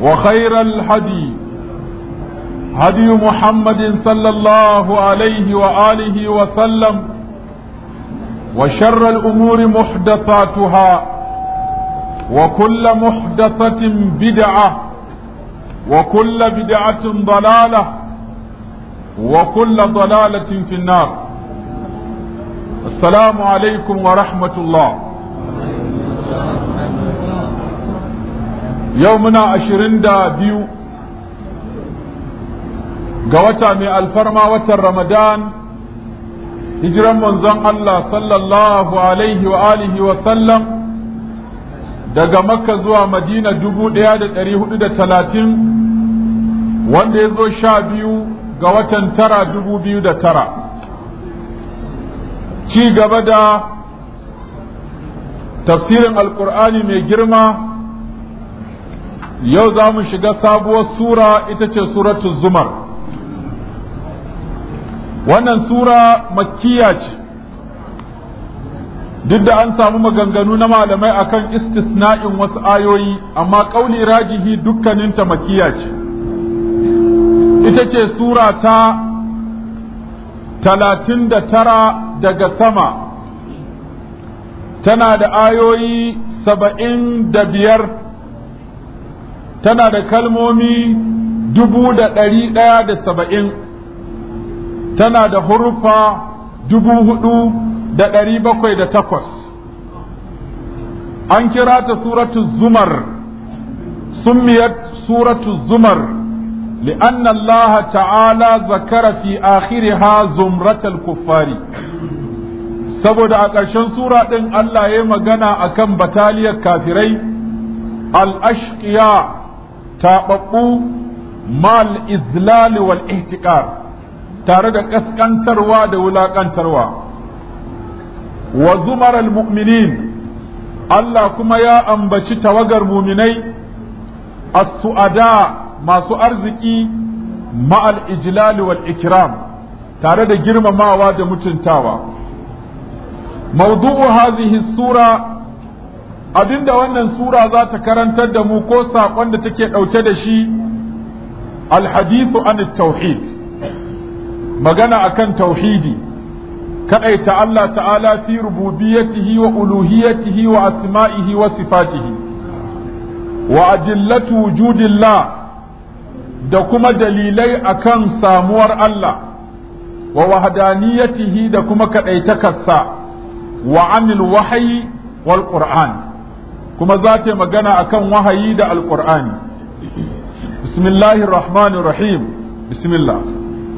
وخير الهدي هدي محمد صلى الله عليه وآله وسلم وشر الأمور محدثاتها وكل محدثة بدعة وكل بدعة ضلالة وكل ضلالة في النار السلام عليكم ورحمة الله yau muna ashirin da biyu ga wata mai alfarma watan ramadan hijiran manzon Allah sallallahu alaihi wa alihi wa sallam daga makka zuwa madina dubu ɗaya da ɗari hudu da talatin wanda ya zo sha biyu ga watan tara dubu biyu da tara ci gaba da tafsirin alkur'ani mai girma yau za mu shiga sabuwar sura ita ce suratu zumar wannan sura makkiya ce duk da an samu maganganu na malamai akan istisna'in wasu ayoyi amma ƙauli rajihi dukkaninta makiya ce ita ce sura ta talatin da tara daga sama tana da ayoyi saba'in da biyar tana da kalmomi dubu da ɗari ɗaya da saba'in tana da hurufa dubu hudu da ɗari bakwai da takwas an kira ta suratu zumar summiyat suratu zumar لأن الله تعالى ذكر في آخرها زمرة الكفار saboda a ƙarshen sura ɗin Allah ya magana a kan bataliyar kafirai al'ashƙiya taɓaɓɓu mal izlal wal ihtiqar tare da ƙasƙantarwa da wulaƙantarwa wa zumar al mu'minin Allah kuma ya ambaci tawagar muminai as-su'ada masu arziki ma'al ijlal wal ikram tare da girmamawa da mutuntawa mawdu'u hadhihi sura abinda wannan sura za ta karantar da mu ko saƙon da take ɗauke da shi alhadithu an tauhid magana akan tauhidi kaɗaita Allah ta'ala fi rububiyatihi wa uluhiyatihi wa asma'ihi wa sifatihi wa adillatu wujudillah da kuma dalilai akan samuwar Allah wa wahadaniyatihi da kuma kasa wa anil wahayi wal qur'an kuma za ta magana akan wahayi da alkur'ani bismillahir rahmanir rahim bismillah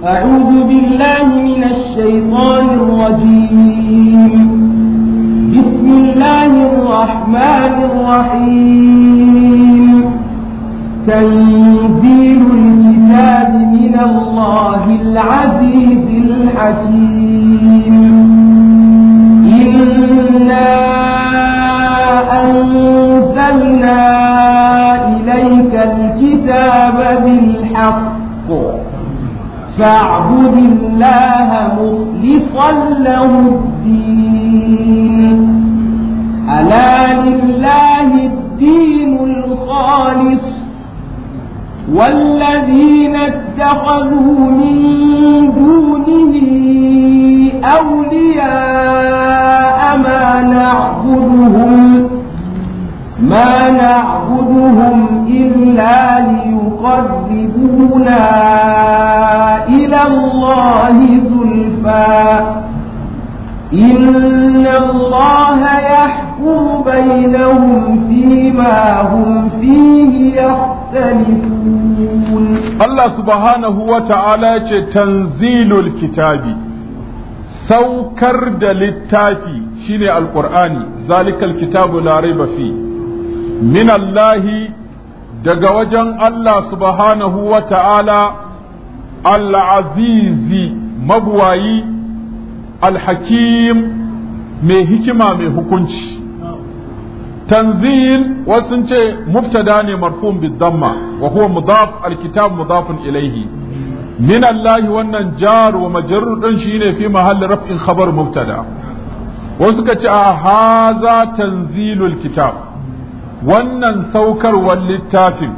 أعوذ بالله من الشيطان الرجيم بسم الله الرحمن الرحيم تنزيل الكتاب من الله العزيز الحكيم فاعبد الله مخلصا له الدين ألا لله الدين الخالص والذين اتخذوا من دونه أولياء ما نعبدهم ما نعبدهم إلا ليقربوا تقربنا إلى الله زلفى إن الله يحكم بينهم فيما هم فيه يختلفون الله سبحانه وتعالى تنزيل الكتاب saukar da littafi shine alkur'ani zalikal kitabu la raiba fi min allahi daga wajen Allah subhanahu wa ta'ala al'azizi mabuwayi alhakim mai hikima mai hukunci tanzil wasu ce muftada ne marfun bidamma wa huwa mudaf alkitab mudafun ilaihi min Allah wannan jar wa majarur din shine fi mahall raf'in khabar muftada. wasu ka ce a haza tanzilul kitab wannan saukarwar littafin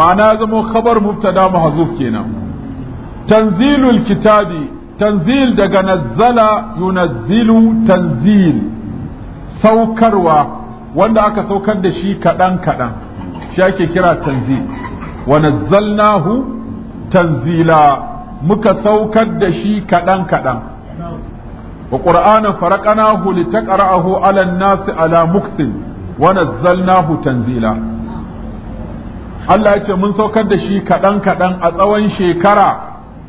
ma'ana zama khabar mubtada mahzuf kenan tanzilul kitabi tanzil daga nazzala yunazzilu tanzil saukarwa wanda aka saukar da shi kaɗan kaɗan shi ake kira tanzil wa nazzalnahu tanzila muka saukar da shi kaɗan kaɗan wa qur'ana faraqnahu litaqra'ahu 'ala an-nasi 'ala muksin wa nazzalnahu tanzila Allah ya ce mun saukar da shi kaɗan kaɗan a tsawon shekara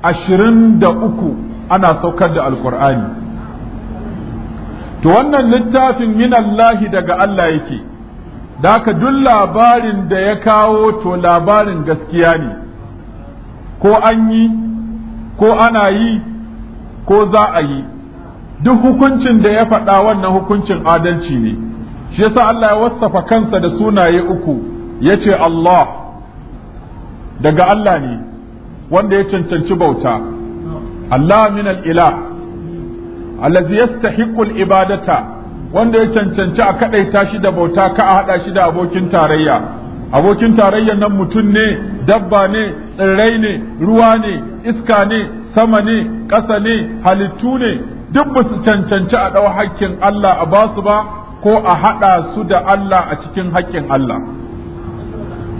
ashirin da uku ana saukar da alkur'ani to wannan littafin min Allah daga Allah yake da ka duk labarin da ya kawo to labarin gaskiya ne ko an yi ko ana yi ko za a yi duk hukuncin da ya faɗa wannan hukuncin adalci ne shi yasa Allah ya wasafa kansa da sunaye uku yace Allah daga Allah ne wanda ya cancanci bauta Allah min al-ilah allazi yastahiqu al-ibadata wanda ya cancanci a kadaita shi da bauta ka a hada shi da abokin tarayya abokin tarayya nan mutum ne dabba ne tsirrai ne ruwa ne iska ne sama ne ƙasa ne halittu ne duk ba cancanci a ɗau hakkin Allah a basu ba ko a haɗa su da Allah a cikin haƙƙin Allah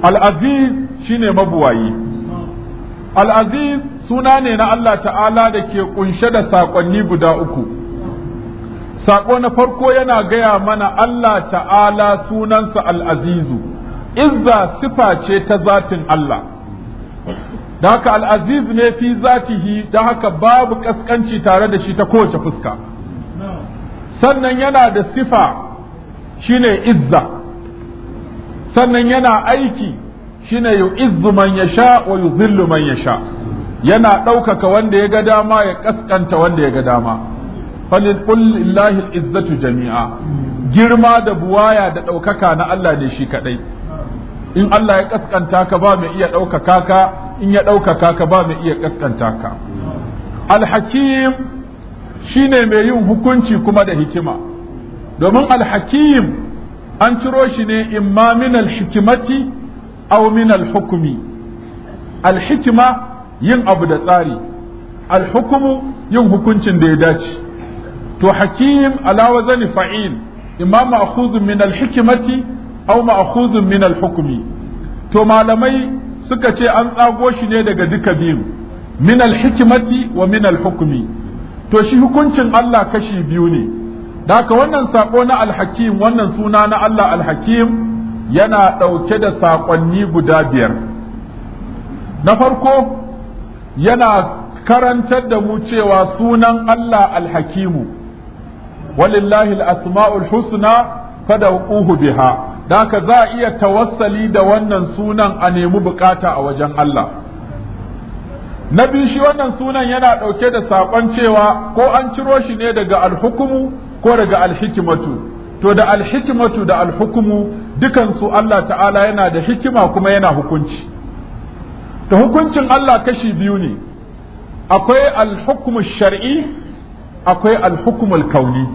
al'aziz shine mabuwayi al'aziz suna ne na Allah ta'ala da ke kunshe da saƙonni guda uku saƙo na farko yana gaya mana Allah ta'ala sunansa al'azizu izza sifa ce ta zatin Allah da haka al'aziz ne fi zatihi da haka babu ƙasƙanci tare da shi ta kowace fuska sannan yana da sifa shine izza sannan yana aiki shine yu'izzu man yasha wa man yasha yana ɗaukaka wanda ya ga dama ya ƙaskanta wanda ya ga dama falillahi izzatu jami'a girma da buwaya da ɗaukaka na Allah ne shi kaɗai in Allah ya ƙaskanta ka ba mai iya ɗaukaka ka in ya ɗaukaka ka ba mai iya kaskanta ka alhakim shine mai yin hukunci kuma da hikima domin alhakim an ciro shi ne imma min alhikimati aw min alhukumi alhikima yin abu da tsari alhukumu yin hukuncin da ya dace to hakim ala wazani fa'il imma ma'khuzun min alhikimati aw ma'khuzun min alhukumi to malamai suka ce an tsago shi ne daga duka biyu min alhikimati wa min alhukumi to shi hukuncin Allah kashi biyu ne Daka wannan saƙo na alhakim wannan suna na Allah alhakim yana ɗauke da saƙonni guda biyar. Na farko yana karantar da mu cewa sunan Allah alhakimu, walillahi al'asma'ul husna fada biha, daka za a iya tawassali da wannan sunan a nemi bukata a wajen Allah. Na biyu shi wannan sunan yana ɗauke da saƙon cewa ko an ciro shi ne daga alhukumu ko daga alhikimatu to da alhikimatu da alhukumu dukansu Allah ta'ala yana da hikima kuma yana hukunci to hukuncin Allah kashi biyu ne akwai alhukumu shar'i akwai alhukumul kauni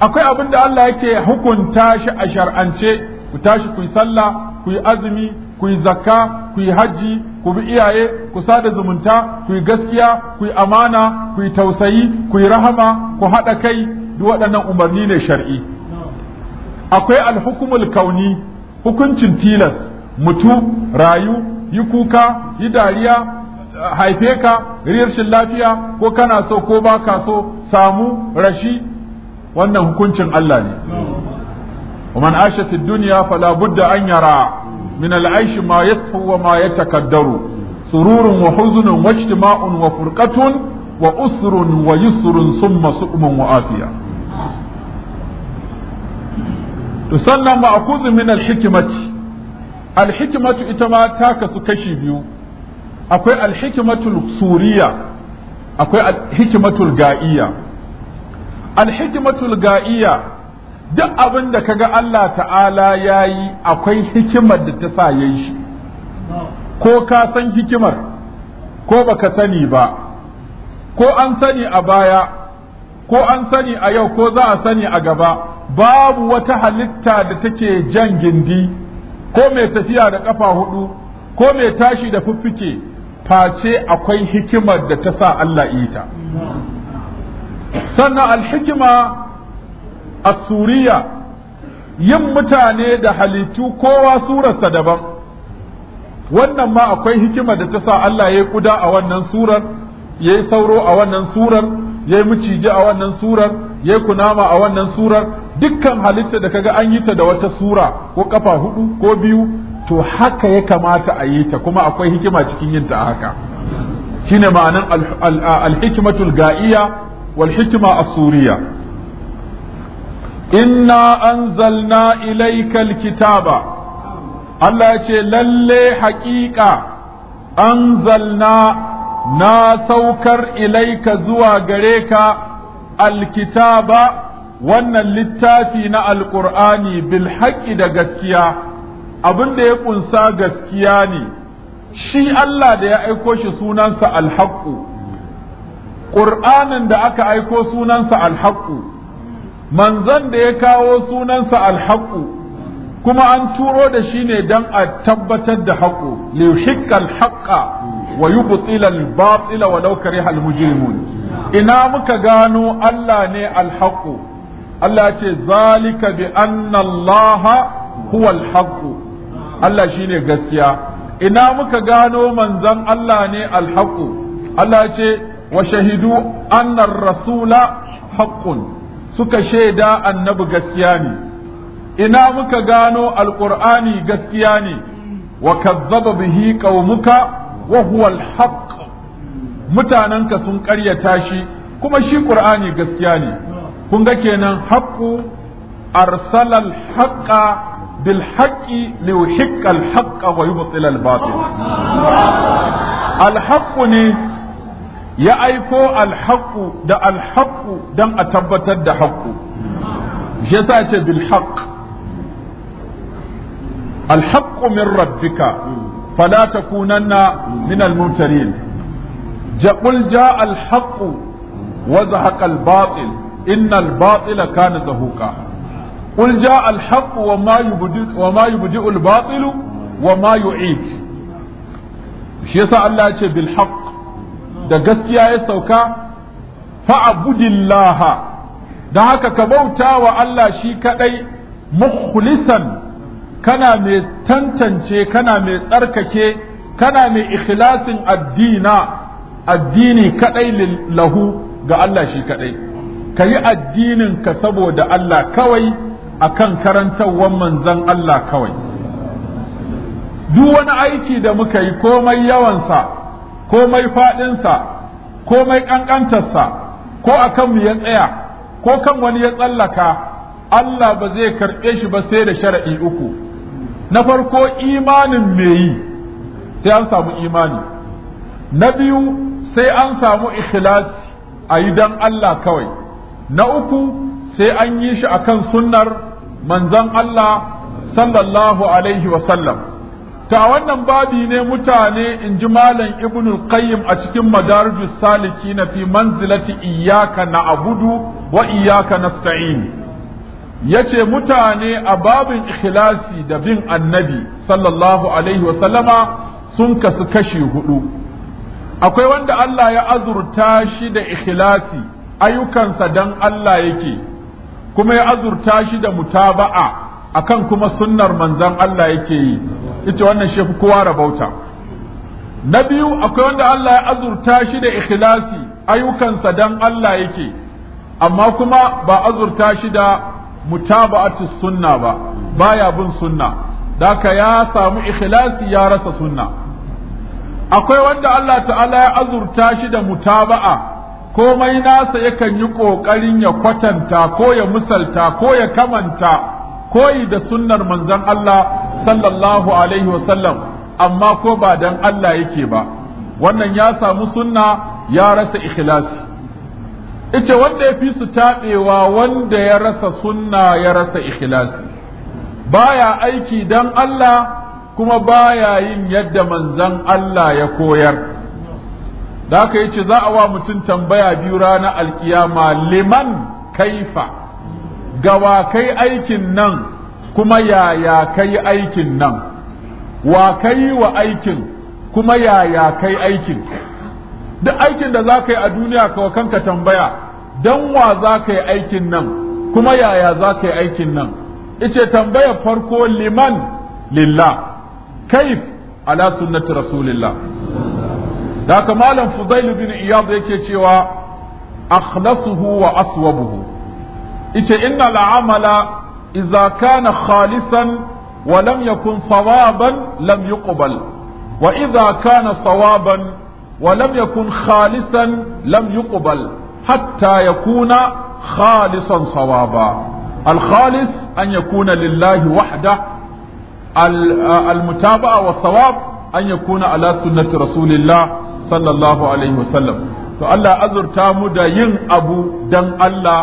akwai abin da Allah yake hukunta shi a shar'ance ku tashi ku yi sallah ku yi azumi ku yi zakka ku yi hajji ku bi iyaye ku sada zumunta ku yi gaskiya ku yi amana ku yi tausayi ku yi rahama ku haɗa kai duk waɗannan umarni ne shar'i akwai alhukumul kauni hukuncin tilas mutu rayu yi kuka yi dariya haife ka rashin lafiya ko kana so ko ba ka so samu rashi wannan hukuncin Allah ne ومن عاش في الدنيا فلا بد أن يرى من العيش ما يسهو وما يتكدر سرور وحزن واجتماع وفرقة وأسر ويسر ثم سؤم وآفية to sannan ma'khudh min al-hikmati ita ma ta kasu kashi biyu akwai al suriya akwai al ga'iya ga'iyya ga'iya duk abin da kaga Allah ta'ala yayi akwai hikimar da ta sa shi ko ka san hikimar ko baka sani ba ko an sani a baya ko an sani a yau ko za a sani a gaba babu wata halitta da take jan gindi ko mai tafiya da ƙafa hudu ko mai tashi da fuffike face akwai hikimar da ta sa Allah ita sannan alhikima a suriya yin mutane da halittu kowa surarsa daban wannan ma akwai hikimar da ta sa Allah ya yi kuda a wannan surar ya sauro a wannan surar ya yi miciji a wannan surar ya yi kunama a wannan surar dukkan halitta da kaga an yi ta da wata sura ko kafa hudu ko biyu to haka ya kamata a yi ta kuma akwai hikima cikin yin ta haka shine ma'anan alhikimatul ga'iya wal hikima a suriya inna anzalna ilaikal kitaba Allah ya ce lalle haƙiƙa anzalna na saukar ilaika zuwa gare ka alkitaba wannan littafi na Alƙur'ani bil haƙƙi da gaskiya abin da ya ƙunsa gaskiya ne shi Allah da ya aiko shi sunansa alhaƙu ƙur'anin da aka aiko sunansa alhaƙu manzon da ya kawo sunansa alhaƙu kuma an turo da shi ne don a tabbatar da haƙu liyuhiqqal haƙƙa wa yubtila al wa law kariha al-mujrimun ina muka gano Allah ne al-haqqu Allah ce zalika bi anna Allah huwa al-haqqu Allah gaskiya ina muka gano manzon Allah ne al-haqqu Allah ce wa shahidu anna ar-rasula haqqun suka shaida annabi gaskiya ne ina muka gano Alƙur'ani gaskiya ne wa kazzaba bihi qaumuka Wahuwal huwa al-haq sun ƙaryata shi kuma shi ƙur'ani gaskiya ne kun ga kenan haqqu arsala al bilhaƙi, bil haqqi liyuhiqqa al-haqqa wa yubtila ne ya aiko al da al-haqqu a tabbatar da haqqu shi yasa ce bil haqq al-haqqu rabbika fala takunanna min al-mumtarin jaqul jaa al-haqq wa al-batil inna al-batila kana zahuqa qul jaa al-haqq wa wa ma yubdi al wa ma yu'id shi yasa Allah ce bil da gaskiya ya sauka fa'abudillaha da haka ka bauta wa Allah shi kaɗai mukulisan. kana mai tantance kana mai tsarkake kana mai ikhlasin addina addini kadai lahu ga Allah shi kadai ka yi addinin ka saboda Allah kawai akan karantawan manzan Allah kawai duk wani aiki da muka yi komai yawansa komai faɗinsa komai ƙanƙantarsa ko a kanmu ya tsaya ko kan wani ya tsallaka Allah ba zai karɓe shi ba sai da shara'i uku na farko imanin me yi sai an samu imani na biyu sai an samu ikhlasi a yi don Allah kawai na uku sai an yi shi akan sunnar manzon Allah sallallahu alaihi wasallam ta wannan babi ne mutane in ji malam ibn qayyim a cikin madarijus saliki na fi manzilati iyaka na abudu wa iyaka nasta'in ya ce mutane a babin ikhlasi da bin annabi sallallahu alaihi wasallama sun kasu kashi hudu akwai wanda Allah ya azurta shi da ikhlasi ayyukansa dan Allah yake kuma ya azurta shi da mutaba'a akan kuma sunnar manzan Allah yake yi ita wannan shi kowa rabauta na biyu akwai wanda Allah ya azurta shi da ikhlasi ayyukansa dan Allah yake amma kuma ba azurta shi da mutaba'atu sunna ba baya bin sunna daka ya samu ikhlasi ya rasa sunna akwai wanda Allah ta'ala ya azurta shi da mutaba'a komai nasa yakan yi ƙoƙarin ya kwatanta ko ya musalta ko ya kamanta koyi da sunnar manzon Allah sallallahu alaihi wasallam amma ko ba dan Allah yake ba wannan ya samu sunna ya rasa ikhlasi ita wanda ya fi su taɓewa wanda ya rasa sunna ya rasa ikhlasi baya aiki dan Allah kuma baya yin yadda manzan Allah ya koyar da aka yi ce za a wa mutum tambaya biyu rana alkiyama liman kaifa gawa kai aikin nan kuma yaya kai aikin nan wa kai wa aikin kuma yaya kai aikin duk aikin da za ka yi a duniya kawa kanka tambaya don wa za ka yi aikin nan kuma yaya za ka yi aikin nan ice tambayar farko liman lillah kaif ala sunnati rasulillah da haka malam fudail bin iyad yake cewa akhlasuhu wa aswabuhu ice inna al'amala idza kana khalisan wa lam yakun sawaban lam yuqbal wa idza kana sawaban wa lam yakun khalisan lam yuqbal hatta ya yakuna khalisan sawaba al-khalis an kuna lillahi wahda uh, al-mutaba'a wa sawab an yakuna ala sunnati rasulillah sallallahu alaihi wasallam to Allah azurta mu da yin abu dan Allah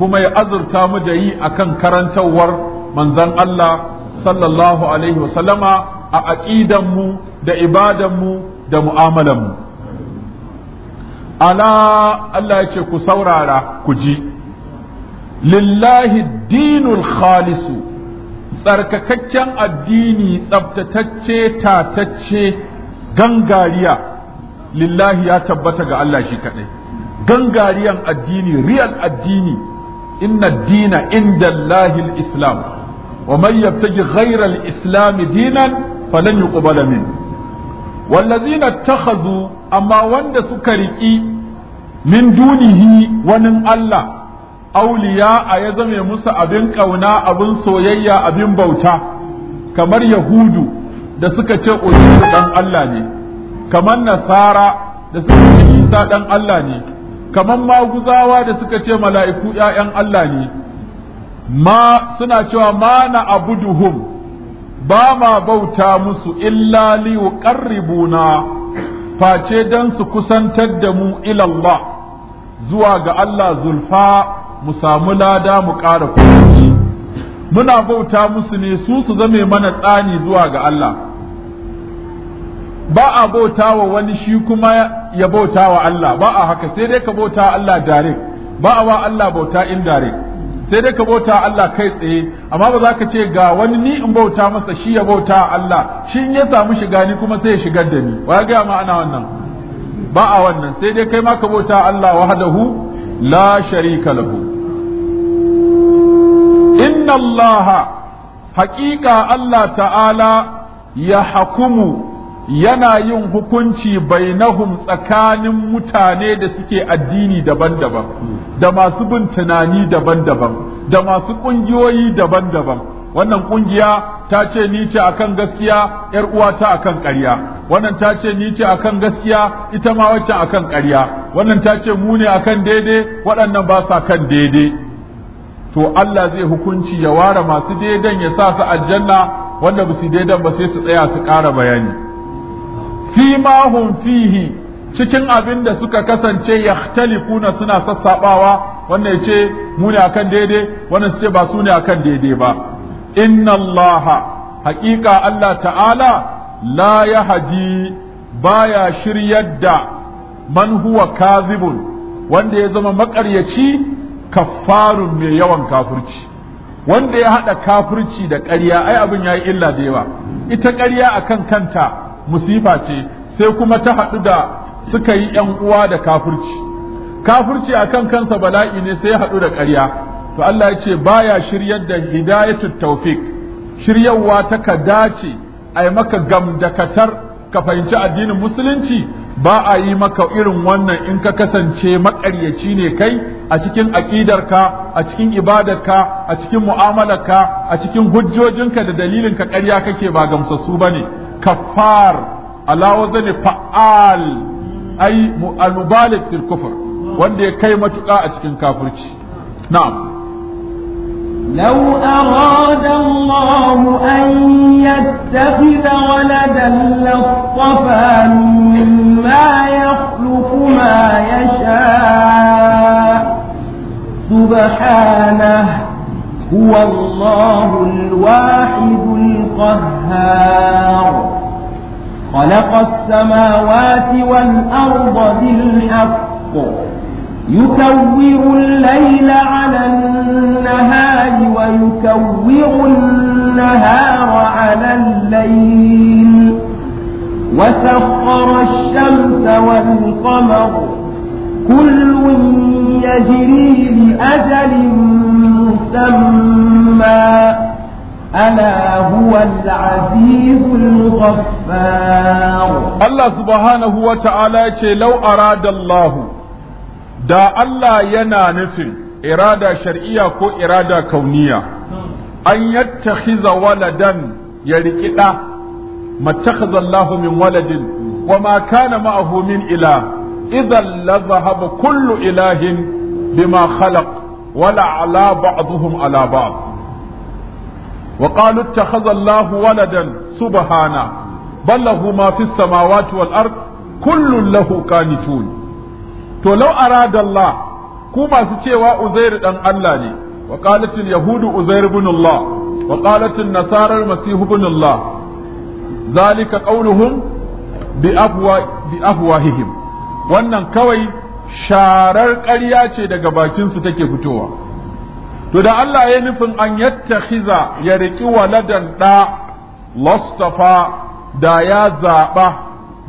kuma ya azurta mu da yi akan karantarwar manzon Allah sallallahu alaihi wasallama a aqidan mu da ibadan mu da mu'amalan mu ala Allah ya ce ku saurara ku ji lillahi dinul khalisu tsarkakakken addini tsabtatacce tatacce gangariya lillahi ya tabbata ga Allah shi kadai gangariyan addini real addini inna dina inda lahil islam wa mai yabtaji ghayra al-islam dinan falan yuqbala min. wallazina takhazu amma wanda suka riki min dunihi wani Allah auliya a ya zame musu abin ƙauna, abin soyayya abin bauta kamar yahudu da suka ce ujiru dan Allah ne kamar nasara da suka ce isa dan Allah ne kamar maguzawa da suka ce mala'iku ‘ya'yan Allah ne, ma suna cewa ma na abuduhum ba ma bauta musu illa li yuqarribuna face dan su kusantar da mu ila zuwa ga Allah zulfa mu samu lada mu ƙara kusanci muna bauta musu ne su su zame mana tsani zuwa ga Allah ba a bauta wa wani shi kuma ya bauta wa Allah ba a haka sai dai ka bauta Allah direct ba a wa Allah bauta indirect sai dai ka bauta Allah kai tsaye amma ba za ka ce ga wani ni in bauta masa shi ya bauta Allah shi in ya samu shiga ni kuma sai ya shigar da ni wa ga ma ana wannan ba a wannan sai dai kai ma ka bauta Allah wahdahu la sharika lahu inna Allah haƙiƙa Allah ta'ala ya hakumu yana yin hukunci bainahum tsakanin mutane da suke addini daban-daban da masu bin tunani daban-daban da masu ƙungiyoyi daban-daban wannan ƙungiya ta ce ni ce akan gaskiya yar uwata akan ƙarya wannan ta ce ni ce akan gaskiya ita ma wacce akan ƙarya wannan ta ce mu ne akan daidai waɗannan ba sa kan daidai to Allah zai hukunci ya ware masu daidan ya sa su aljanna wanda ba su daidan ba sai su tsaya su ƙara bayani fi ma hum fihi cikin abin da suka kasance ya na suna sassabawa wannan yace mu ne akan daidai wannan su ce ba su ne akan daidai ba inna Allah haƙiƙa Allah ta'ala la haji baya shiryar da man huwa kazibun wanda ya zama maƙaryaci kaffarun mai yawan kafurci. wanda ya haɗa kafurci da ƙarya ai abin yayi illa da yawa ita ƙarya akan kanta musifa ce sai kuma ta haɗu da suka yi ‘yan uwa da kafurci. Kafurci a kan kansa bala'i ne sai ya haɗu da ƙarya to Allah ya ce baya shiryar da hidayatul tawfiq shiryarwa ta ka dace a yi maka gamdakatar ka fahimci addinin musulunci ba a yi maka irin wannan in ka kasance maƙaryaci ne kai a cikin aƙidarka a cikin ibadarka a cikin mu'amalarka a cikin hujjojinka da dalilinka ƙarya kake ba gamsassu ba ne كفار على وزن فعال أي المبالغ في الكفر وأن كلمة أتكن كافرتي نعم لو أراد الله أن يتخذ ولدا لاصطفى مما يخلق ما يشاء سبحانه هو الله الواحد القهار خلق السماوات والأرض بالحق يكور الليل على النهار ويكور النهار على الليل وسخر الشمس والقمر كل يجري لأجل مسمى ألا هو العزيز الغفار الله سبحانه وتعالى لو أراد الله da Allah yana nufin irada shar'iyya ko irada kauniya an yattakhiza waladan ya riƙi ɗa mattakhadha Allahu min waladin wa ma kana ma'ahu min ilah idan la zahaba kullu ilahin bima khalaq wala ala ba'dhum ala ba'd wa qalu ittakhadha Allah waladan subhana bal lahu ma fi samawati wal ard kullun lahu qanitun to ku masu cewa Uzair dan Allah ne wa yahudu Uzair ibn Allah wa qalat an nasara al masih ibn Allah zalika qawluhum bi afwahihim wannan kawai sharar ƙarya ce daga bakinsu take fitowa to da Allah ya nufin an yattakhiza ya riƙi waladan ɗa lastafa da ya zaɓa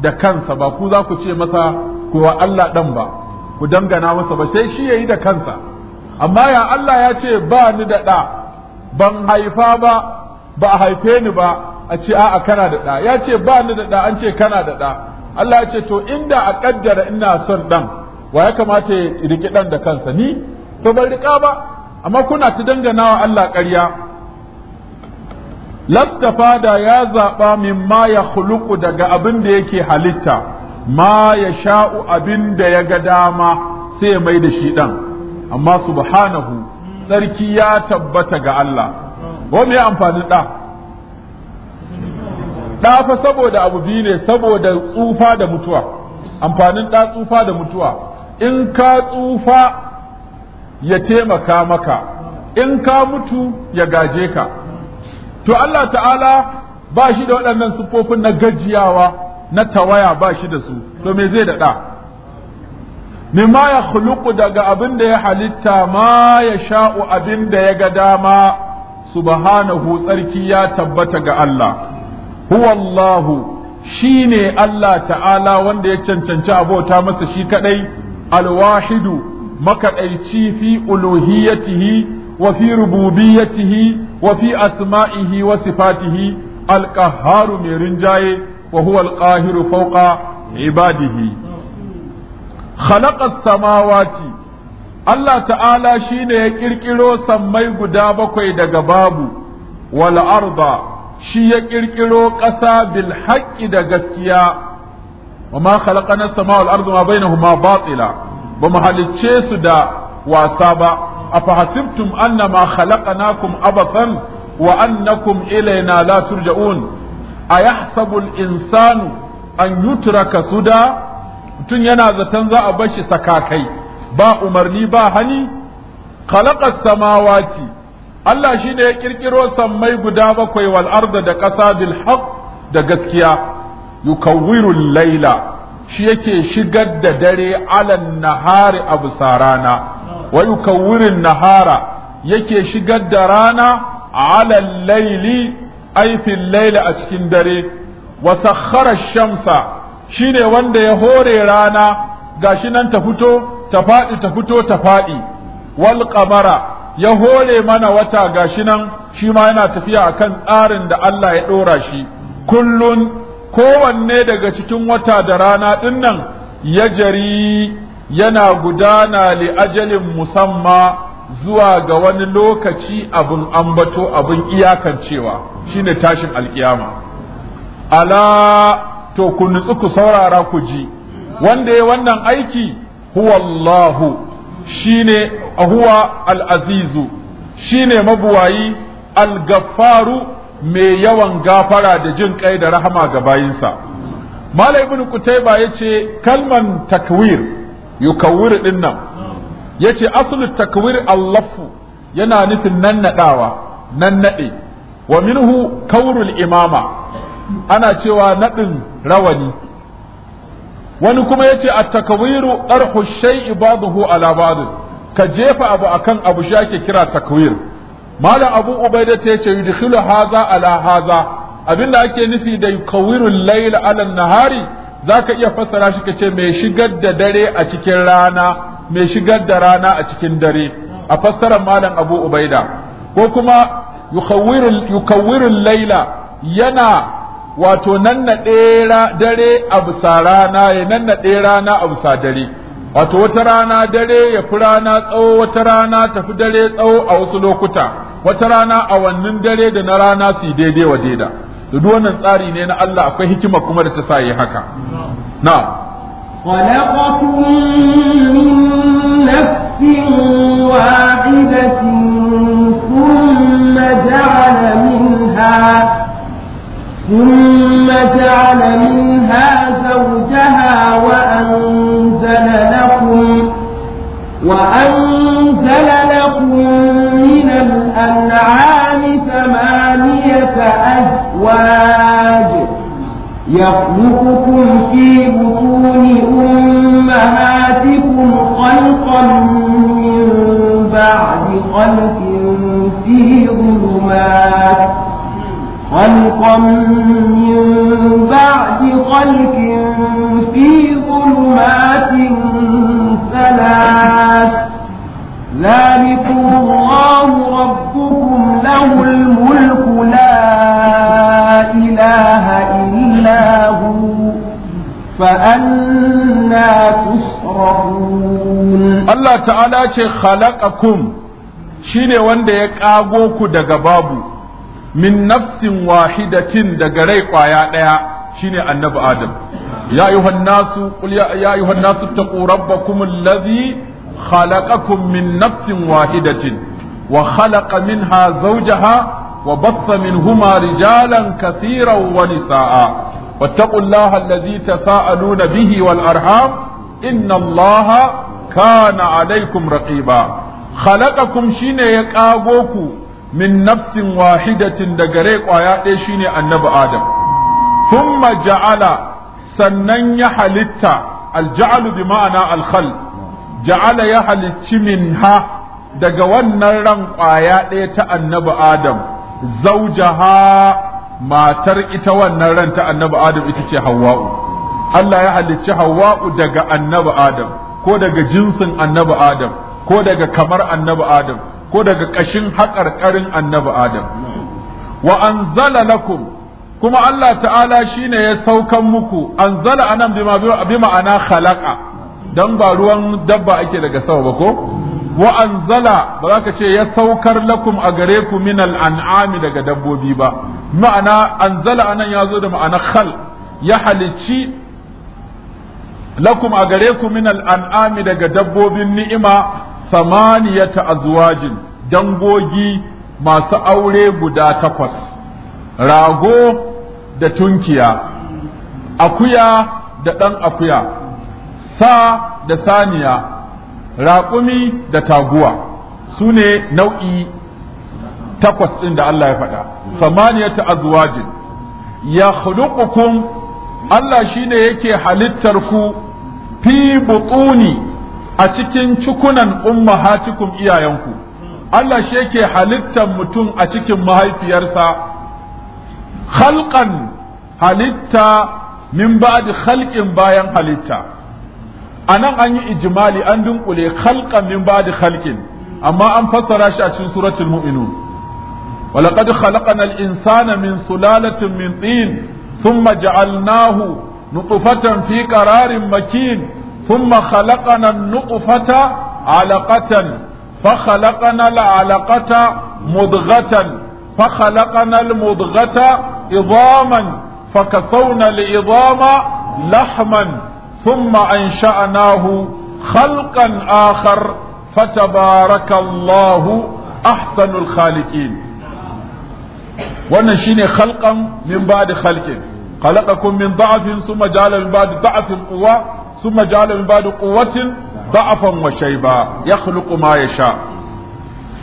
da kansa ba ku za ku ce masa kuwa Allah ɗan ba ku dangana masa ba sai shi ya yi da kansa amma ya Allah ya ce ba ni da ɗa ban haifa ba ba a haife ni ba a ce a kana da ɗa ya ce ba ni da ɗa an ce kana da ɗa Allah ya ce to inda a kaddara ina son dan wa ya kamata ya riki dan da kansa ni to ban rika ba amma kuna ta danganawa Allah ƙarya lastafa da ya zaɓa min ma ya khuluqu daga abin da yake halitta ma ya sha'u abin da ya ga dama sai mai da shi dan amma subhanahu sarki ya tabbata ga Allah wa me amfanin da Ɗafa saboda abu biyu ne saboda tsufa da mutuwa amfanin ɗa tsufa da mutuwa in ka tsufa ya taimaka maka in ka mutu ya gaje ka to Allah ta'ala ba shi da waɗannan siffofin na gajiyawa na tawaya ba shi da su to me zai daɗa. ɗa mimma ya khuluqu daga abin da ya halitta ma ya sha'u abin da ya ga dama subhanahu tsarki ya tabbata ga Allah huwa Allah shine Allah ta'ala wanda ya cancanci abota masa shi kadai alwahidu makaɗaici fi uluhiyatihi wa fi rububiyatihi wa fi asma'ihi wa sifatihi alqahharu mai rinjaye wa huwa alqahiru fawqa ibadihi khalaqa samawati Allah ta'ala shine ya kirkiro sammai guda bakwai daga babu wal arda shi ya ƙirƙiro ƙasa bil haƙƙi da gaskiya wa ma khalaqana sama wal ardu ma bainahuma batila ba mu halicce su da wasa ba afa hasibtum annama khalaqnakum abathan wa annakum ilayna la turja'un ayahsabu al insanu an yutraka suda tun yana zaton za a bashi shi sakakai ba umarni ba hani khalaqa samawati Allah shi ne ya ƙirƙiro sammai guda bakwai wal arda da ƙasa bil haq da gaskiya yukawwirul laila shi yake shigar da dare alan nahari abu sarana wa yukawwirul nahara yake shigar da rana alal laili aifin laila a cikin dare wa sakhara shamsa shi ne wanda ya hore rana gashi nan ta fito ta faɗi ta fito ta faɗi wal qamara ya hore mana wata gashi nan shi ma yana tafiya a kan tsarin da Allah ya ɗora shi kullun kowanne daga cikin wata da rana ɗin ya jari yana gudana li ajalin musamma zuwa ga wani lokaci abin ambato abin iyakancewa shine tashin alkiyama ala to ku nutsu ku saurara ku ji wanda ya wannan aiki huwallahu shine huwa al-azizu shine mabuwayi al-gaffaru mai yawan gafara da jin kai da rahama ga bayinsa Malamin ibn Kutaiba yace kalman takwir yukawir din nan yace aslu takwir allafu yana nufin nannadawa nannade wa minhu kaurul imama ana cewa nadin rawani wani kuma yace at-takwiru tarhu shay'i ba'dahu ala ba'd ka jefa abu akan abu shi kira takwir malam abu ubaida ta yace yudkhilu hadha ala hadha abinda ake nufi da yukawiru Layla ala nahari zaka iya fassara shi kace mai shigar da dare a cikin rana mai shigar da rana a cikin dare a fassarar malam abu ubaida ko kuma yukawiru yukawiru layla yana wato nan na ɗera dare a bisa rana ya nan na ɗera na a bisa dare wato wata rana dare ya fi rana tsawo wata rana tafi dare tsawo a wasu lokuta wata rana awannin dare da na rana su daidai wa daida da duk wannan tsari ne na Allah akwai hikima kuma da ta sa yi haka na Wa ثم جعل منها زوجها وأنزل لكم وأنزل لكم من الأنعام ثمانية أزواج يخلقكم في بطون أمهاتكم خلقا من بعد خلق خلقا من بعد خلق في ظلمات ثلاث ذلكم الله ربكم له الملك لا إله إلا هو فأنا تصرفون الله تعالى خلقكم shine wanda ya ƙago ku daga babu min nafsin wahidatin daga rai kwaya ɗaya shine annabi adam ya ayyuhan nasu qul ya ayyuhan nasu taqu rabbakum alladhi khalaqakum min nafsin wahidatin wa khalaqa minha zawjaha وبث منهما رجالا كثيرا ونساء واتقوا الله الذي تساءلون به والأرحام إن الله كان عليكم رقيبا خلقكم شين ku. min nafsin wahidatin daga rai kwaya ɗaya shine annabi adam thumma ja'ala sannan ya halitta alja'alu bi ma'ana alhal ja'ala ya halicci minha daga wannan ran kwaya ɗaya ta annabi adam zaujaha matar ita wannan ran ta annabi adam ita ce hawwa'u Allah ya halicci hawwa'u daga annabi adam ko daga jinsin annabi adam ko daga kamar annabi adam ko daga ƙashin haƙarƙarin annabi adam wa anzala lakum kuma Allah ta'ala shine ya saukan muku anzala anan bi ma'ana khalaqa dan ba ruwan dabba ake daga sama ba ko wa anzala ba za ka ce ya saukar lakum a gare ku min an'ami daga dabbobi ba ma'ana anzala anan ya zo da ma'ana khal ya halicci lakum a gare ku min al-an'ami daga dabbobin ni'ima samaniyata azwajin dangogi masu aure guda takwas rago da tunkiya akuya da ɗan akuya sa da saniya raƙumi da taguwa su ne nau'i takwas ɗin da Allah ya faɗa samaniyata azwajin ya Allah shi ne yake halittar ku fi butuni a cikin cikunan ummahatikum iyayenku Allah shi yake halittar mutum a cikin mahaifiyarsa khalqan halitta min da khalqin bayan halitta anan an yi ijmali an dunkule khalƙan min da khalqin amma an fassara shi a cikin suratul mu'minun ولقد خلقنا الإنسان من سلالة من طين ثم جعلناه نطفة في قرار مكين ثم خلقنا النطفة علقة فخلقنا العلقة مضغة فخلقنا المضغة عظاما فكسونا العظام لحما ثم أنشأناه خلقا آخر فتبارك الله أحسن الخالقين wannan shine khalqan min ba'di khalqin khalaqakum min da'fin thumma ja'ala min ba'di da'fin quwwa ثم جعل من بعد قوة ba, وشيبا يخلق ما يشاء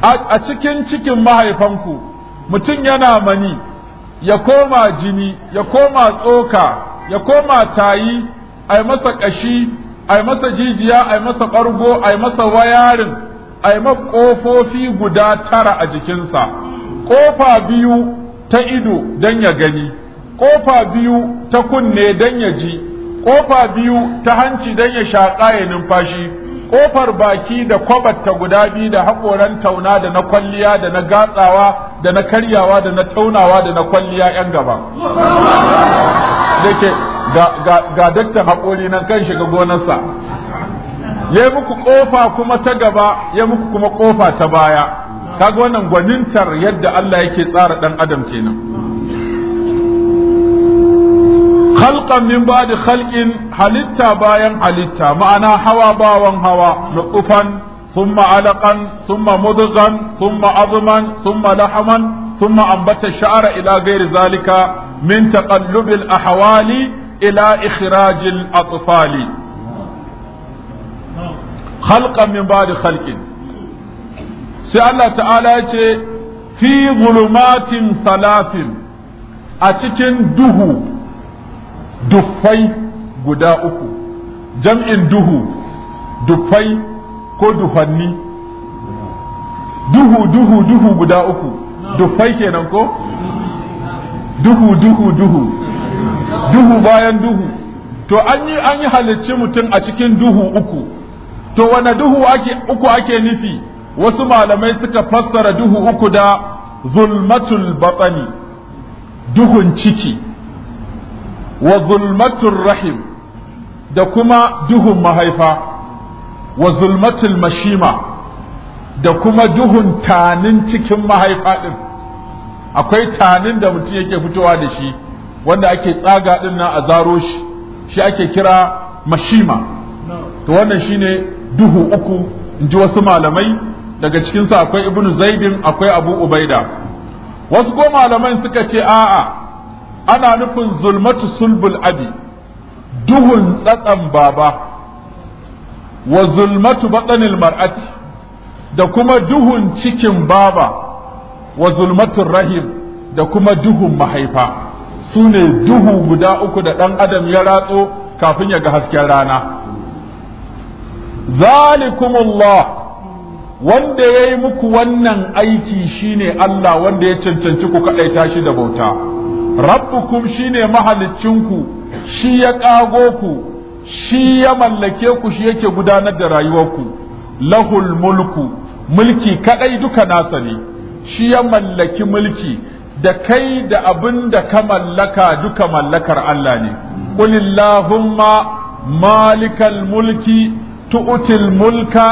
a cikin cikin mahaifanku mutum yana mani ya koma jini ya koma tsoka ya koma tayi ai masa ƙashi ai masa jijiya ai masa ɓargo ai masa wayarin ai maƙofofi guda tara a jikinsa ƙofa biyu ta ido don ya gani ƙofa biyu ta kunne don ya ji kofa biyu ta hanci don ya shaƙa ya numfashi kofar baki da ta guda biyu da haƙoran tauna da na kwalliya da na gatsawa da na karyawa da na taunawa da na kwalliya 'yan gaba dake ga daktan haƙori nan kan shiga gonarsa ya muku kofa kuma ta gaba ya muku kuma kofa ta baya kaga wannan gwanintar yadda Allah yake tsara dan adam kenan khalqan min ba'di khalqin halitta bayan halitta ma'ana hawa bawan hawa nutfan thumma alaqan thumma mudghan thumma azman thumma lahaman ma ambata sha'ara ila ghairi zalika min taqallubil ahwali ila ikhrajil atfali khalqan min ba'di khalqin sai Allah ta'ala ya ce fi zulumatin salatin a cikin duhu dufai guda uku jam'in duhu dufai ko dufanni duhu duhu duhu guda uku dufai kenan ko duhu duhu duhu duhu bayan duhu to an yi an yi halicci mutum a cikin duhu uku to wane duhu ake uku ake nufi wasu malamai suka fassara duhu uku da zulmatul batsani duhun ciki wa zulmatul rahim da kuma duhun mahaifa wa zulmatul mashima da kuma duhun tanin cikin mahaifa din akwai tanin da mutum yake fitowa da shi wanda ake tsaga din nan a zaro shi shi ake kira mashima to wannan shine duhu uku in ji wasu malamai daga cikinsu akwai ibnu zaidin akwai abu ubaida wasu ko malaman suka ce a'a ana nufin zulmatu sulbul abi duhun tsatsan baba wa zulmatu batsanil mar'ati da kuma duhun cikin baba wa zulmatun rahim da kuma duhun mahaifa su ne duhu guda uku da ɗan adam ya ratso kafin ya ga hasken rana zalikumullah wanda ya yi muku wannan aiki shine Allah wanda ya cancanci ku kaɗaita shi da bauta rabbukum shine ku shi ya kago ku shi ya mallake ku shi yake gudanar da rayuwarku lahul mulku mulki kadai duka nasa ne shi ya mallaki mulki da kai da abin da ka mallaka duka mallakar Allah ne kulillahumma malikal mulki tu'til mulka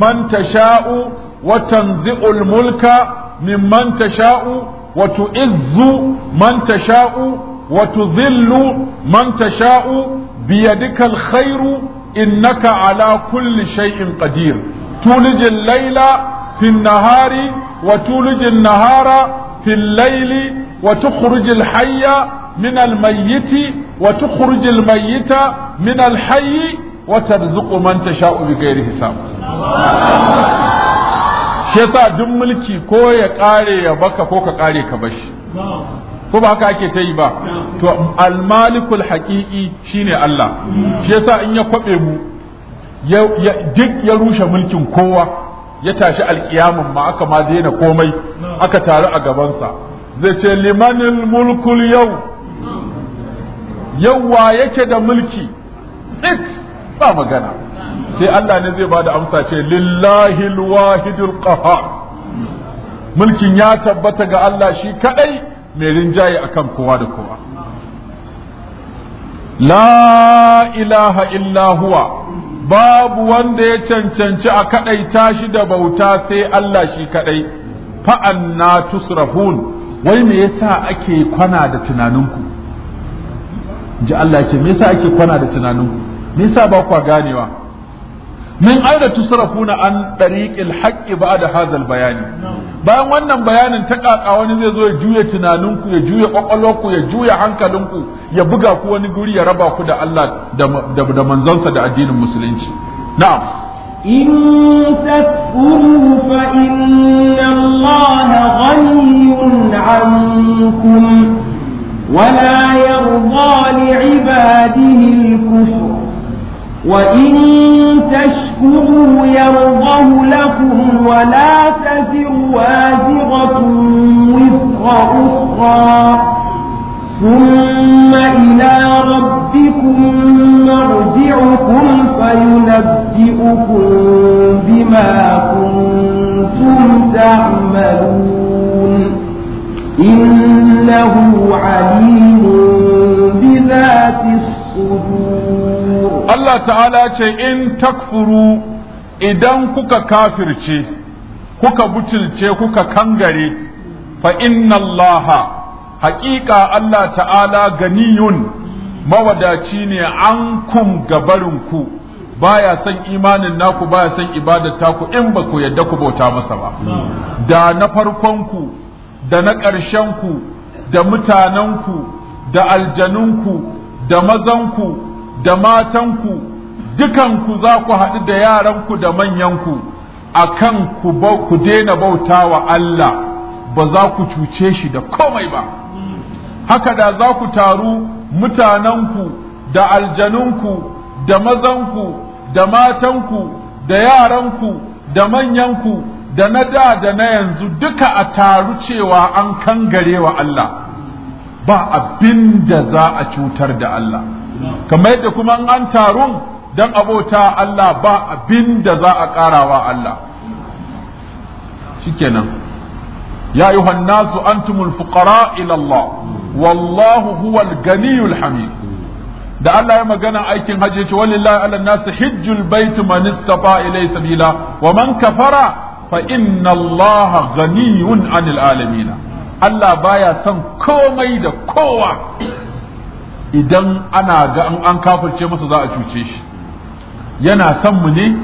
man tasha'u wa tanzi'ul mulka mimman tasha'u wa tu'izzu man tasha'u wa tudhillu man tasha'u بيدك الخير إنك على كل شيء قدير تولج الليل في النهار وتولج النهار في الليل وتخرج الحي من الميت وتخرج الميت من الحي وترزق من تشاء بغير حساب shi yasa duk mulki ko ya kare ya baka ko ka kare ka shi ko ba haka ake ta yi ba to almalikul haqiqi shine Allah shi yasa in ya kwabe mu duk ya rushe mulkin kowa ya tashi alkiyamin ma aka ma daina komai aka taru a gabansa zai ce limanil mulkul yau yau wa yake da mulki it ba magana sai Allah ne zai bada amsa ce lillahi alwahidul qahar mulkin ya tabbata ga Allah shi kadai mai rinjaye akan kowa da kowa la ilaha illa huwa babu wanda ya cancanci a kadai tashi da bauta sai Allah shi kadai anna tusrafun wai me yasa ake kwana da tunaninku ji Allah ce me yasa ake kwana da tunaninku me yasa ba ku ganewa min aina tusrafuna an tariqil ba da hadha bayani bayan wannan bayanin ta kaka wani zai zo ya juya tunaninku ya juya kwakwalwarku ya juya hankalinku ya buga ku wani guri ya raba ku da Allah da manzonsa da addinin musulunci na'am in tasfuru fa inna Allah ghaniyun 'ankum ولا يرضى لعباده الكفر وإن تشكروا يرضه لكم ولا تزر وازرة وفق أخرى ثم إلى ربكم مرجعكم فينبئكم بما كنتم تعملون إنه عليم بذات الصدور Allah ta'ala ce in takfuru idan kuka kafirce kuka butulce kuka kangare fa inna Allah haƙiƙa Allah ta'ala ganiyun mawadaci ne an kum gabarinku baya san imanin naku baya son ibadata ku in ba ku yadda ku bauta masa ba da na farkonku da na ƙarshenku da mutanenku da aljanunku da mazanku da matanku dukanku za ku haɗu da yaranku da manyanku a kan ku daina bauta wa Allah ba za ku cuce shi da komai ba haka da za ku taru mutanenku da aljanunku da mazanku da matanku da yaranku da manyanku da na da da na yanzu duka a taru cewa an wa Allah ba abin da za a cutar da Allah kamar yadda kuma an taru dan abota Allah ba abin da za a wa Allah shikenan ya yi nasu antumul fuqara ila Allah wallahu huwal ganiyul hamid da Allah ya magana aikin hajji ce walillahi ala nasu hijjul baitu man istata ilay sabila wa man kafara fa inna Allah ganiyun anil alamina. Allah baya son komai da kowa idan ana ga an kafirce masa za a cuce shi yana son mu ne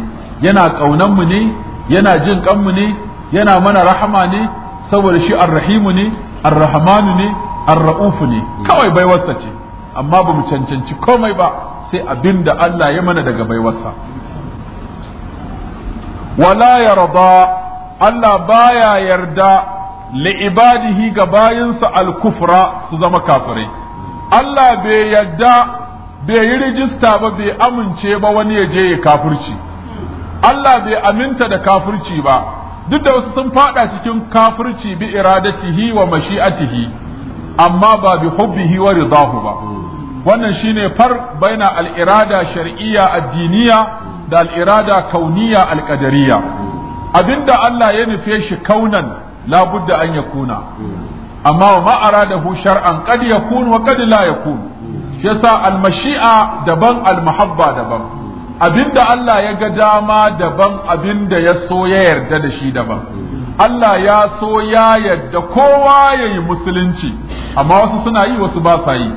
yana ƙaunan mu ne yana jin kan mu ne yana mana rahama ne saboda shi arrahimu ne arrahmanu ne arraufu ne kawai baiwarsa ce amma ba mu cancanci komai ba sai abinda Allah ya mana daga baiwarsa wala yarda Allah baya yarda li ibadihi ga bayinsa al-kufra su zama kafirai Allah bai yadda bai yi rijista ba bai amince ba wani ya je ya kafirci Allah bai aminta da kafirci ba duk da wasu sun fada cikin kafirci bi iradatihi wa mashi'atihi amma ba bi hubbihi wa ridahu ba wannan shine far baina al'irada shari'iyya addiniya da al'irada kauniya alƙadariya. abinda Allah ya nufe shi kaunan labudda an ya kuna. amma wa da aradahu shar'an ya yakun wa qad la yakun yasa al daban al daban abinda Allah ya ga dama daban abinda ya so ya yarda da shi daban Allah ya so ya yarda kowa ya yi musulunci amma wasu suna yi wasu ba sa yi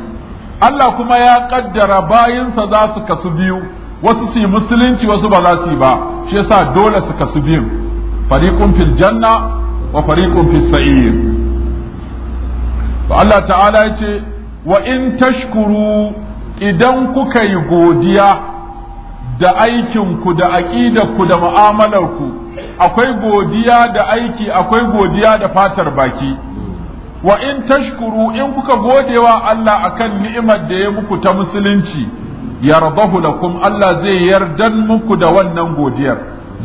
Allah kuma ya kaddara bayinsa za su kasu biyu wasu su yi musulunci wasu ba za su yi ba shi yasa dole su kasu biyu fariqun fil janna wa fariqun fis sa'ir to Allah ta'ala ya ce wa in tashkuru idan kuka yi godiya da aikinku da aƙidarku da mu'amalarku akwai godiya da aiki akwai godiya da fatar baki wa in tashkuru in kuka gode wa Allah akan ni'imar da ya muku ta musulunci yardahu lakum Allah zai yardan muku da wannan godiyar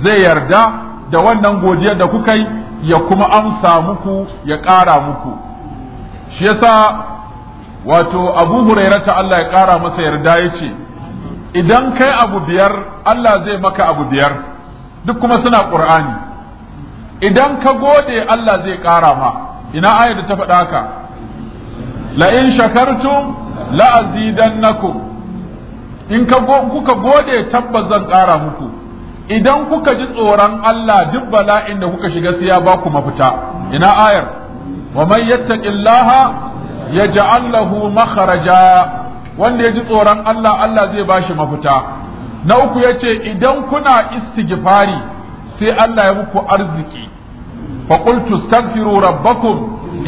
zai yarda da wannan godiyar da kuka yi ya kuma amsa muku ya ƙara muku shi yasa wato abu ta Allah ya ƙara masa yarda yace ce idan kai abu biyar Allah zai maka abu biyar duk kuma suna ƙur'ani idan ka gode Allah zai ƙara ma ina ayar da ta faɗa haka la in shakartum la azidannakum in ka kuka gode tabbas zan kara muku idan kuka ji tsoron Allah duk bala'in da kuka shiga sai ya ba ku mafita ina ayar wa man yattaqillaha yaj'al lahu makhraja wanda ya ji tsoron Allah Allah zai bashi mafita na uku yace idan kuna istighfari sai Allah ya muku arziki fa qultu astaghfiru rabbakum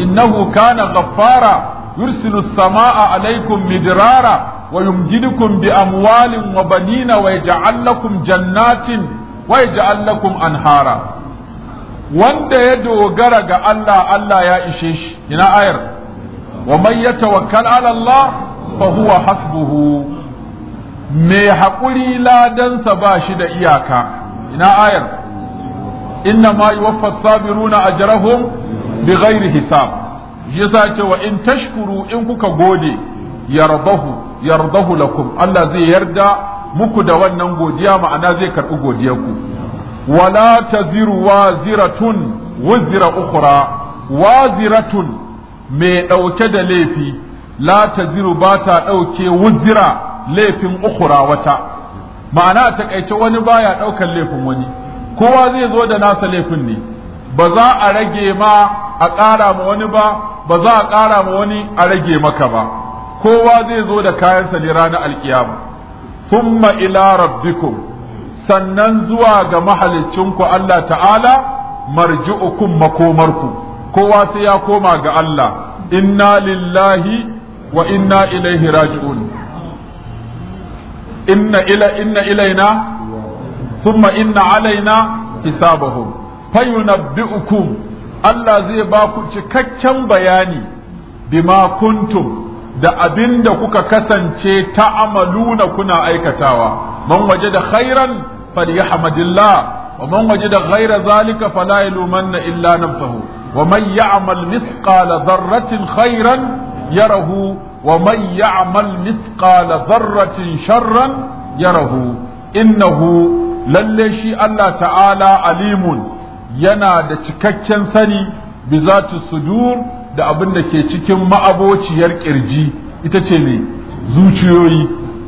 innahu kana ghaffara yursilu sama'a samaaa 'alaykum midrara wa yumdidukum bi amwalin wa banina wa yaj'al lakum jannatin wa yaj'al lakum anhara wanda ya dogara ga Allah Allah ya ishe shi ina ayar wa man yatawakkal ala Allah fa huwa hasbuhu Me haƙuri ladansa ba shi da iyaka ina ayar inna ma yuwaffa sabiruna ajrahum bighairi hisab yasa ce wa in tashkuru in kuka gode yardahu yardahu lakum Allah zai yarda muku da wannan godiya ma'ana zai karɓi ku. wala taziru waziratun wuzira ukhra waziratun mai ɗauke da laifi lataziru taziru ba ta ɗauke wuzira laifin ukura wata ma'ana taƙaice wani baya ɗaukan laifin wani kowa zai zo da nasa laifin ne ba za a rage ma a ƙara ma wani ba ba za a ƙara ma wani a rage maka ba kowa zai zo da kayansa ne ranar alkiyama summa ila rabbikum sannan zuwa ga ku Allah ta'ala marji'ukum makomarku kowa sai ya koma ga Allah inna lillahi wa inna ilaihi raji'un inna ila inna ilaina thumma inna alaina hisabahum fayunabbi'ukum Allah zai ba ku cikakken bayani bima kuntum da abin da kuka kasance ta na kuna aikatawa man waje da khairan فليحمد الله ومن وجد غير ذلك فلا يلومن إلا نفسه ومن يعمل مثقال ذرة خيرا يره ومن يعمل مثقال ذرة شرا يره إنه للشي الله تعالى عليم yana da cikakken sani bi za sudur da abin da ke cikin ma'abociyar kirji ita ce ne zuciyoyi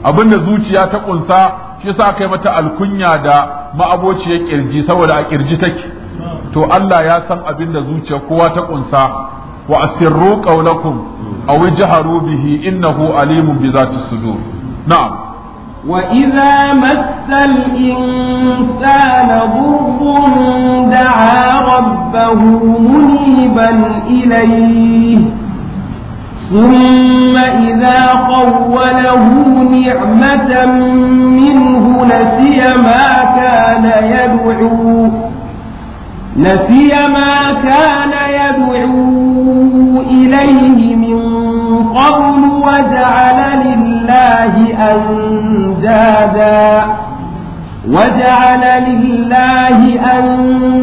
abin da zuciya ta kunsa shi yasa aka mata alkunya da ma'abociyar kirji saboda a kirji take to Allah ya san abin da zuciya kowa ta kunsa wa asirru qawlakum aw jaharu bihi innahu alimun bi zati sudur na'am wa idza massal insana dhurrun da'a rabbahu muniban ilayhi ثم إذا خوله نعمة منه نسي ما كان يدعو نسي ما كان يدعو إليه من قبل وجعل لله أندادا وجعل لله أندادا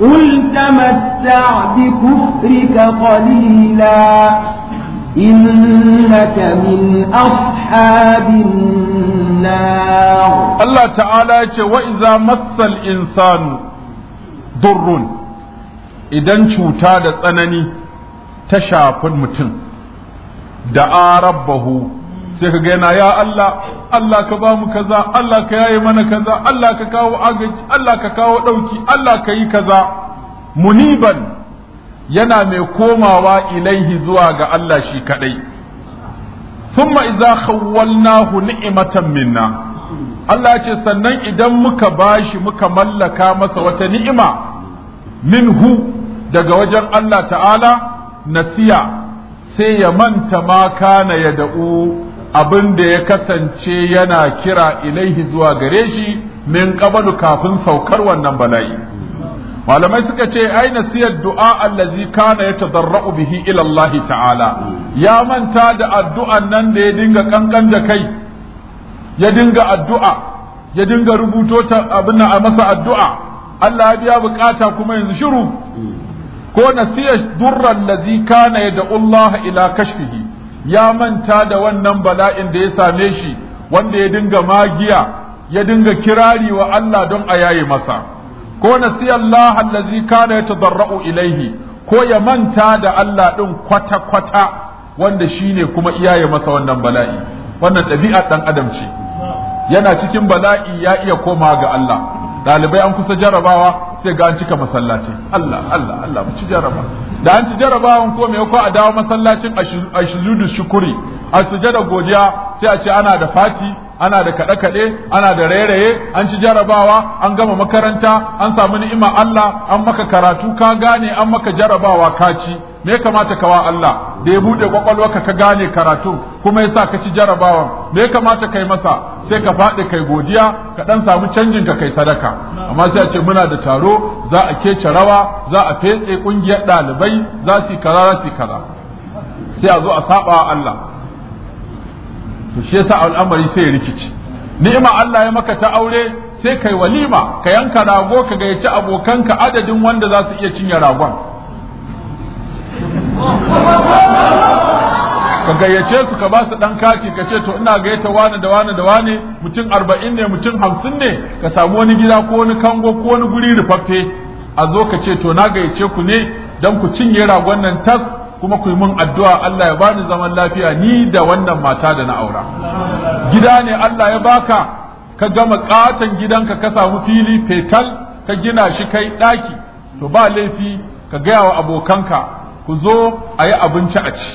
قل تمتع بكفرك قليلا إنك من أصحاب النار الله تعالى وإذا مس الإنسان ضر idan cuta da tsanani ta shafin mutum da a rabbahu sai ka ga yana ya Allah Allah ka ba mu kaza Allah ka yaye mana kaza Allah ka kawo agaji Allah ka kawo ɗauki Allah ka yi kaza muniban yana mai komawa ilaihi zuwa ga Allah shi kaɗai thumma idza khawwalnahu ni'matan minna Allah ce sannan idan muka bashi muka mallaka masa wata ni'ima minhu daga wajen Allah ta'ala nasiya sai ya manta ma kana ya da'u abin da ya kasance yana kira ilaihi zuwa gare shi min qablu kafin saukar wannan bala'i malamai suka ce ai nasiyar du'a allazi kana yatadarra'u bihi ila Allah ta'ala ya manta da addu'an nan da ya dinga kankan da kai ya dinga addu'a ya dinga rubuto ta abin a masa addu'a Allah ya biya bukata kuma yanzu shiru ko nasiyar durran allazi kana yad'u Allah ila kashfihi ya manta da wannan bala'in da ya same shi wanda ya dinga magiya ya dinga kirari wa Allah don a yaye masa ko nasiya Allah allazi kana yatadarra'u ilaihi ko ya manta da Allah din kwata kwata wanda shine kuma iyaye masa wannan bala'i wannan ɗabi'a dan adam ce yana cikin bala'i ya iya koma ga Allah ɗalibai an kusa jarabawa sai ga an cika masallaci Allah Allah Allah mu ci jaraba da an ci an ko mai ko a dawo masallacin ashuzudu shukuri a sujada godiya sai a ce ana da fati ana da kaɗe kaɗe ana da rairaye an ci jarabawa an gama makaranta an samu ni'ima Allah an maka karatu ka gane an maka jarabawa ka ci me ya kamata ka wa Allah da ya buɗe kwakwalwarka ka gane karatu kuma ya sa ka ci jarabawan me ya kamata kai masa sai ka faɗi kai godiya ka ɗan samu canjin ka kai sadaka amma sai a ce muna da taro za a kece rawa za a fetse ƙungiyar ɗalibai za su yi kaza za su yi kaza sai a zo a saɓa Allah to shi yasa al'amari sai ya rikici ni'ima Allah ya maka ta aure sai kai walima ka yanka rago ka gayyaci abokanka adadin wanda za su iya cinye ragon ka gayyace su ka ba su dan kati ka ce to ina gayyata wani da wani da wani mutum arba'in ne mutum hamsin ne ka samu wani gida ko wani kango ko wani guri rufaffe a zo ka ce to na gayyace ku ne don ku cinye ragon nan tas kuma ku yi mun addu'a Allah ya bani zaman lafiya ni da wannan mata da na aura gida ne Allah ya baka ka gama katon gidanka ka samu fili fetal ka gina shi kai ɗaki to ba laifi ka gaya wa abokanka ku zo a yi abinci a ci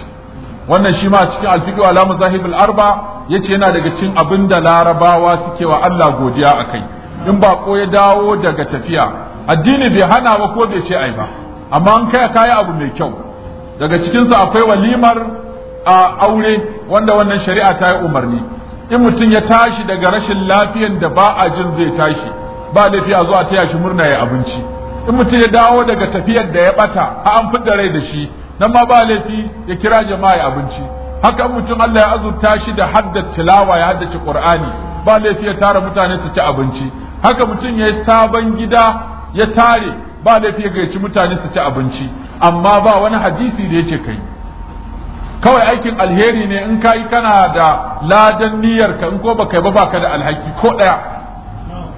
wannan shi ma cikin alfiƙi alamu zahibul arba ya ce yana daga cin abin da larabawa suke wa Allah godiya a kai in ko ya dawo daga tafiya addini bai hana ba ko bai ce ai ba amma an kai kayi abu mai kyau daga cikinsu akwai walimar a aure wanda wannan shari'a ta yi umarni in mutum ya tashi daga rashin lafiyan da ba a jin zai tashi ba laifi a zuwa taya shi murna ya abinci in mutum ya dawo daga tafiyar da ya bata a an da rai da shi nan ma ba laifi ya kira jama'a ya abinci haka mutum Allah ya azurta shi da haddace tilawa ya haddace Qur'ani ba laifi ya tara mutane su ci abinci haka mutum ya yi sabon gida ya tare ba laifi ya gayyaci mutane su ci abinci amma ba wani hadisi da yake kai kawai aikin alheri ne in kai kana da ladan niyyar ka in ko baka ba baka da alhaki ko daya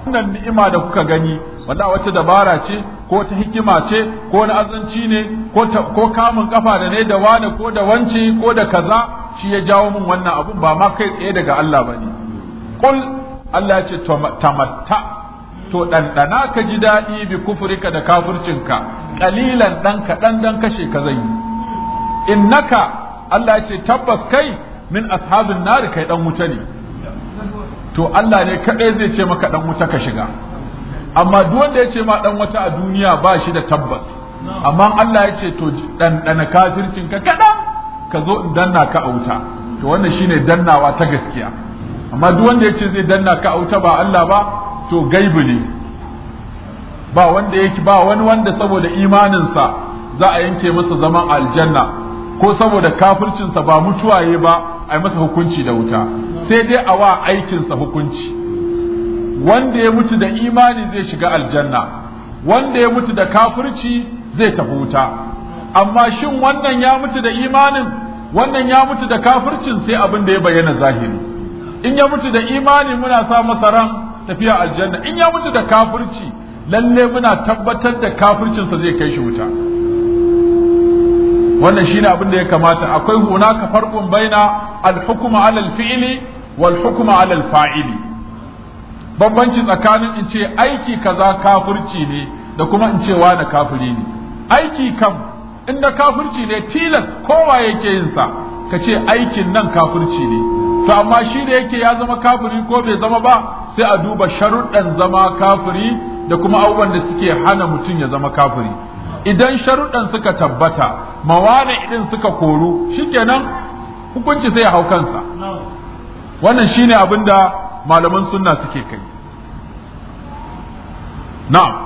wannan ni'ima da kuka gani wanda wata dabara ce ko ta hikima ce ko na azanci ne ko ko kamun kafa da ne da wani ko da wance ko da kaza shi ya jawo min wannan abun ba ma kai tsaye daga Allah bane kul Allah ya ce tamatta to ɗanɗana ka ji daɗi bi ka da kafircinka ƙalilan ɗan kaɗan dan kashe ka zai yi innaka Allah ya ce tabbas kai min ashabin nari kai ɗan wuta ne to Allah ne kaɗai zai ce maka ɗan wuta ka shiga amma duk wanda ya ce ma ɗan wata a duniya ba shi da tabbas amma Allah ya ce to ɗanɗana kafircinka kaɗan ka zo in danna ka a wuta to wannan shine dannawa ta gaskiya amma duk wanda ya ce zai danna ka a wuta ba Allah ba to gaibu ne ba wanda yake ba wani wanda saboda imaninsa za a yanke masa zaman aljanna ko saboda kafircinsa ba mutuwaye ba a yi masa hukunci da wuta sai dai a wa aikinsa hukunci wanda ya mutu da imani zai shiga aljanna wanda ya mutu da kafirci zai tafi wuta amma shin wannan ya mutu da imanin wannan ya mutu da kafircin sai abin da ya bayyana zahiri in ya mutu da imani muna sa masa ran tafiya aljanna in ya mutu da kafirci lalle muna tabbatar da kafircinsa zai kai shi wuta wannan shine abin da ya kamata akwai hunaka farqun baina al-hukm ala wal ala al bambanci tsakanin in ce aiki kaza kafirci ne da kuma in ce wani kafiri ne aiki kam in kafirci ne tilas kowa yake yin sa ka ce aikin nan kafirci ne to amma shi da yake ya zama kafiri ko bai zama ba sai a duba sharuɗan zama kafiri da kuma abubuwan da suke hana mutum ya zama kafiri idan sharuɗan suka tabbata mawane idan suka koru shikenan hukunci sai hau kansa wannan shine abin da malaman sunna suke kai na'am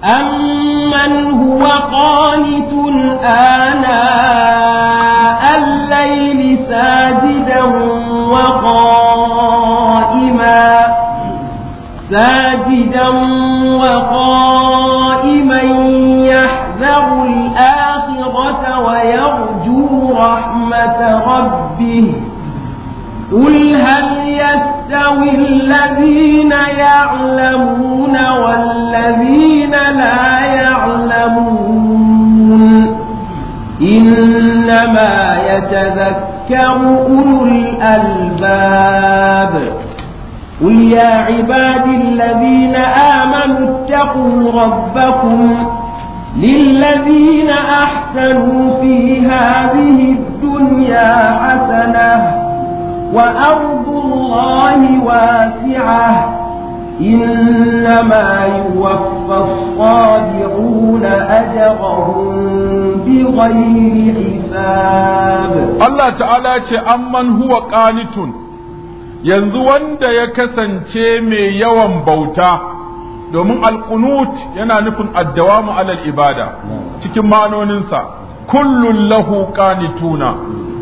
أمن هو قانت آناء الليل ساجدا وقائما ساجدا وقائما يحذر الآخرة ويرجو رحمة ربه قل هل يستوي الذين يعلمون والذين لا يعلمون إنما يتذكر يذكر أولو الألباب قل يا عبادي الذين آمنوا اتقوا ربكم للذين أحسنوا في هذه الدنيا حسنة وأرض الله واسعة إنما يوفى الصابرون أجرهم بغير حساب الله تعالى أمن هو قانت yanzu wanda ya kasance mai yawan bauta domin alƙunut yana nufin addawamu alal ibada cikin ma'anoninsa kullun lahu qanituna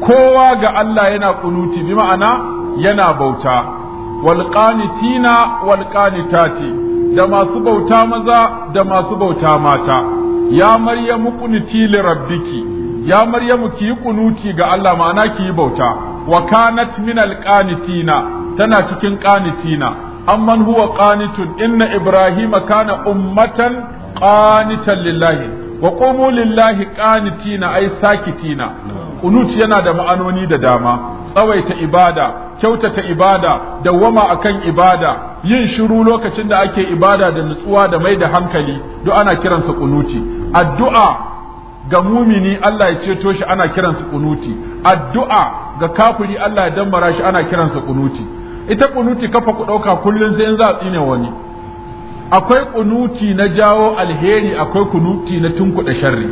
kowa ga Allah yana kunuti bi ma'ana yana bauta walƙanitina walƙanitati da masu bauta maza da masu bauta mata ya maryamu kunuti li rabbiki ya maryamu ki yi kunuti ga Allah ma'ana ki bauta wa kanat min alqanitina tana cikin qanitina amman huwa qanitun inna ibrahima kana ummatan qanitan lillahi wa qumu lillahi qanitina ay sakitina kunuti yana da ma'anoni da dama tsawaita ibada kyautata ibada dawwama akan ibada yin shiru lokacin da ake ibada da nutsuwa da mai da hankali duk ana kiransa kunuti addu'a ga mumini Allah ya ceto shi ana kiransa kunuti addu'a ga kafiri Allah ya dammara shi ana kiransa kunuti ita kunuti kafa ku ɗauka kullum sai in za a tsine wani akwai kunuti na jawo alheri akwai kunuti na tunkuɗe sharri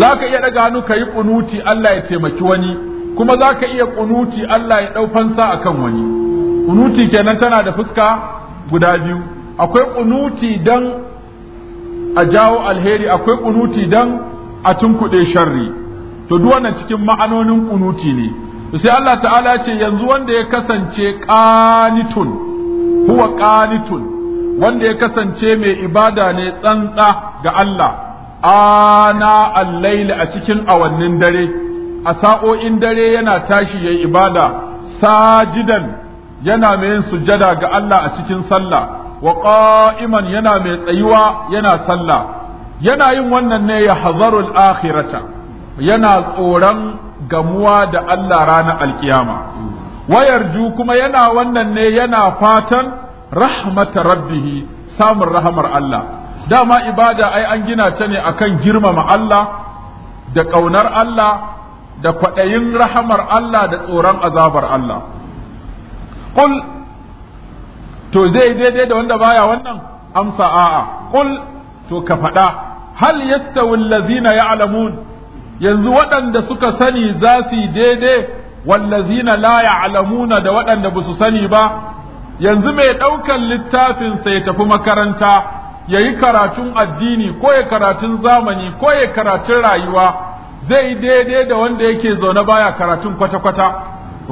za ka iya daga hannu ka yi kunuti Allah ya taimaki wani kuma za ka iya kunuti Allah ya ɗau fansa a kan wani kunuti kenan tana da fuska guda biyu akwai kunuti don a jawo alheri akwai kunuti don a tunkuɗe sharri to duk wannan cikin ma'anonin kunuti ne sai Allah ta'ala ce yanzu wanda ya kasance ƙanitun, huwa ƙanitun, wanda ya kasance mai ibada ne tsantsa ga Allah ana allaili a cikin awannin dare a sa'o'in dare yana tashi yayi ibada sajidan yana mai yin sujada ga Allah a cikin sallah wa yana mai tsayuwa yana sallah yana yin wannan ne ya hazarul akhirata yana tsoron gamuwa da Allah ranar alkiyama ju kuma yana wannan ne yana fatan rahmata rabbihi samun rahamar Allah dama ibada ai an gina ta ne akan girmama Allah da ƙaunar Allah da kwaɗayin rahamar Allah da tsoron azabar Allah qul to zai daidai da wanda baya wannan amsa a'a qul to ka faɗa hal yastawi allazina ya'lamun yanzu waɗanda suka sani za su yi daidai wallazina la ya'lamuna da waɗanda ba su sani ba yanzu mai ɗaukan littafin sai tafi makaranta ya yi karatun addini ko ya karatun zamani ko ya karatun rayuwa zai yi daidai da wanda yake zaune baya karatun kwata-kwata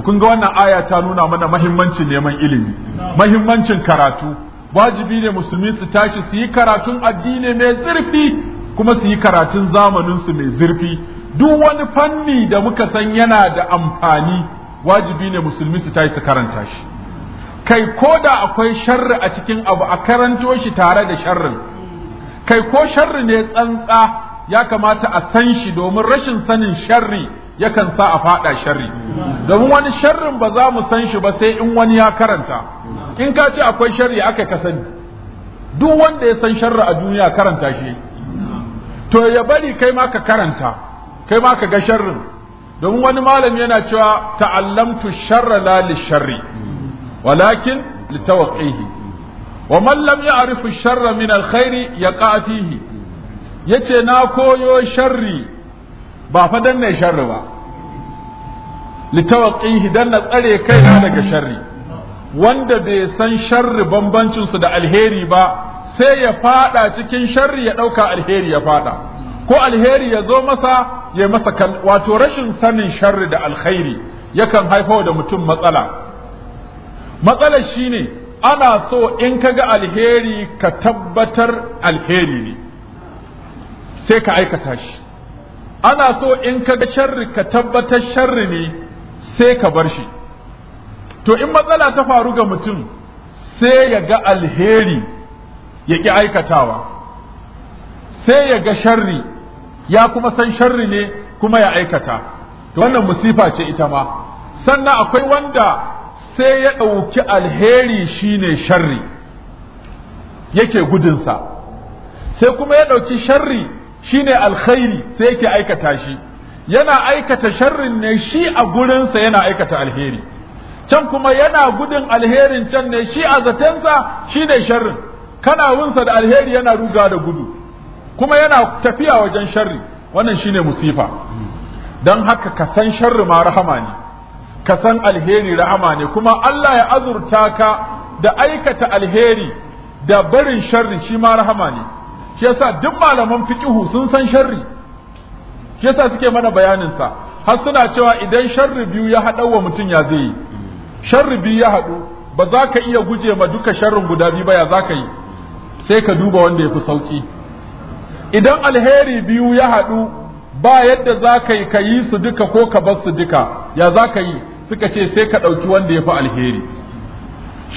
kun ga wannan aya ta nuna mana mahimmancin neman ilimi mahimmancin karatu wajibi ne musulmi su tashi su yi karatun addini mai zurfi kuma su yi karatun zamaninsu mai zurfi duk wani fanni da muka san yana da amfani wajibi ne musulmi su tashi su karanta shi kai ko da akwai sharri a cikin abu a karanto shi tare da sharrin kai ko sharri ne tsantsa ya kamata a san shi domin rashin sanin sharri yakan sa a fada sharri domin wani sharrin ba za mu san shi ba sai in wani ya karanta in ka ce akwai sharri aka ka sani duk wanda ya san sharri a duniya karanta shi to ya bari kai ma ka karanta kai ma ka ga sharrin domin wani malam yana cewa ta'allamtu sharra la li sharri walakin li tawqihi wa man lam ya'rifu sharra min al khairi yaqa yace na koyo sharri ba fa danne sharri ba litawqihi dan na tsare kaina daga sharri wanda bai san sharri bambancin su da alheri ba sai ya fada cikin sharri ya dauka alheri ya fada ko alheri ya zo masa ya masa kan wato rashin sanin sharri da alkhairi yakan haifar da mutum matsala matsalar shine ana so in kaga alheri ka tabbatar alheri ne sai ka aikata shi ana so in ka ga sharri ka tabbatar sharri ne sai ka bar shi to in matsala ta faru ga mutum sai ya ga alheri ya ƙi aikatawa sai ya ga sharri ya kuma san sharri ne kuma ya aikata to wannan musifa ce ita ma sannan akwai wanda sai ya ɗauki alheri shine sharri yake gudunsa sai kuma ya ɗauki sharri shine alkhairi sai yake aikata shi yana aikata sharrin ne shi a gurinsa yana aikata alheri can kuma yana gudun alherin can ne shi a zatensa shi ne sharrin kana wunsa da alheri yana ruga da gudu kuma yana tafiya wajen sharri wannan shine musifa don haka ka san sharri ma rahama ne ka san alheri rahama ne kuma Allah ya azurta ka da aikata alheri da barin sharri shi ma rahama ne shi yasa duk malaman fiqihu sun san sharri shi yasa suke mana bayanin sa har suna cewa idan sharri biyu ya haɗa wa mutum ya zai yi sharri biyu ya haɗu ba za ka iya guje ma duka sharrin guda biyu ba ya za ka yi sai ka duba wanda ya sauki idan alheri biyu ya haɗu ba yadda za ka yi ka yi su duka ko ka bar su duka ya za ka yi suka ce sai ka ɗauki wanda ya fi alheri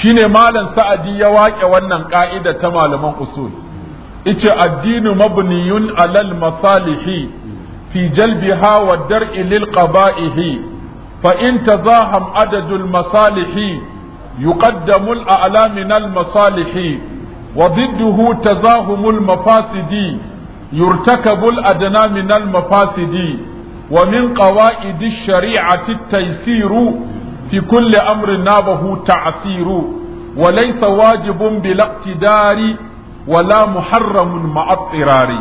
shine malam sa'adi ya wake wannan ƙa'ida ta malaman usul ice addinu mabniyun alal masalihi fi jalbiha wa dar'i lil qaba'ihi fa in tazaham adadul masalihi yuqaddamu al a'la min al masalihi wa ضده تزاهم المفاسد يرتكب الأدنى من المفاسد ومن قواعد الشريعة التيسير في كل أمر نابه تعسير وليس واجب بلا اقتدار wala muharramun ma'attirari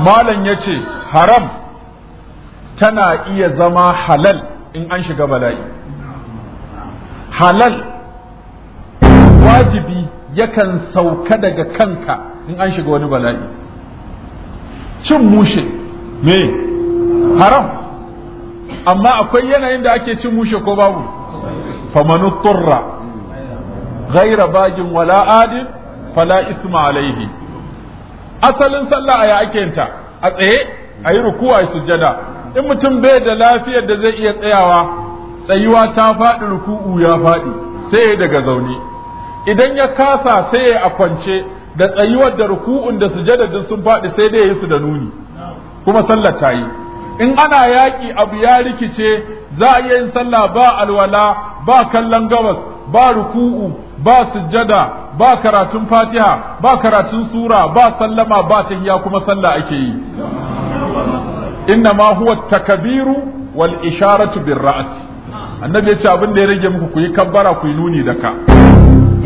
malam ya ce haram tana iya zama halal in an shiga bala'i halal wajibi yakan sauka daga kanka in an shiga wani bala'i cin mushe me haram amma akwai yanayin da ake cin mushe ko babu famanu turra ghaira bagin wala adin fala isma asalin sallah a ya ake a tsaye ayi rukuwa a in mutum bai da lafiyar da zai iya tsayawa tsayuwa ta faɗi ruku'u ya faɗi sai daga zaune idan ya kasa sai ya a kwance da tsayuwar da ruku'un da sujada duk sun faɗi sai dai ya yi su da nuni kuma sallar ta yi in ana yaƙi abu ya rikice za a iya yin sallah ba alwala ba kallon gabas ba ruku'u ba sujjada ba karatun fatiha ba karatun sura ba sallama ba tahiyya kuma sallah ake yi inna ma huwa takabiru wal isharatu bir ra's annabi ya ce abin da ya rage muku ku yi kabbara ku yi nuni da ka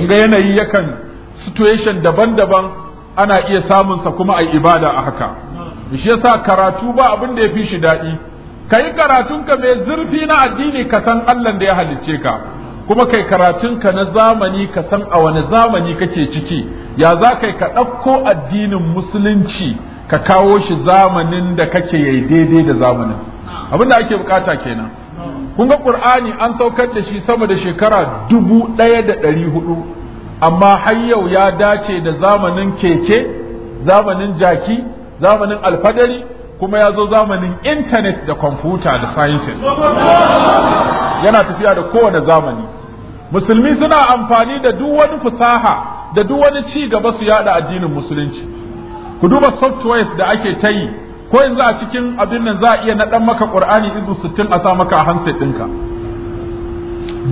ga yanayi yakan situation daban-daban ana iya samun sa kuma a ibada a haka shi yasa karatu ba abin da ya fi shi daɗi ka yi ka mai zurfi na addini ka san Allah da ya halicce ka kuma kai karatun ka na zamani ka san a wani zamani kake ciki ya za kai ka ɗauko addinin musulunci ka kawo shi zamanin da kake yayi daidai da zamanin da ake bukata kenan kun ga qur'ani an saukar da shi sama da shekara dubu ɗaya da ɗari hudu amma har yau ya dace da zamanin keke zamanin jaki zamanin alfadari kuma ya zo zamanin intanet da kwamfuta da sciences yana tafiya da kowane zamani musulmi suna amfani da duk wani fasaha da duk wani ci gaba su yada addinin musulunci ku duba softwares da ake ta ko yanzu a cikin abin nan za a iya naɗan maka ƙur'ani izu sittin a sa maka a handset ɗinka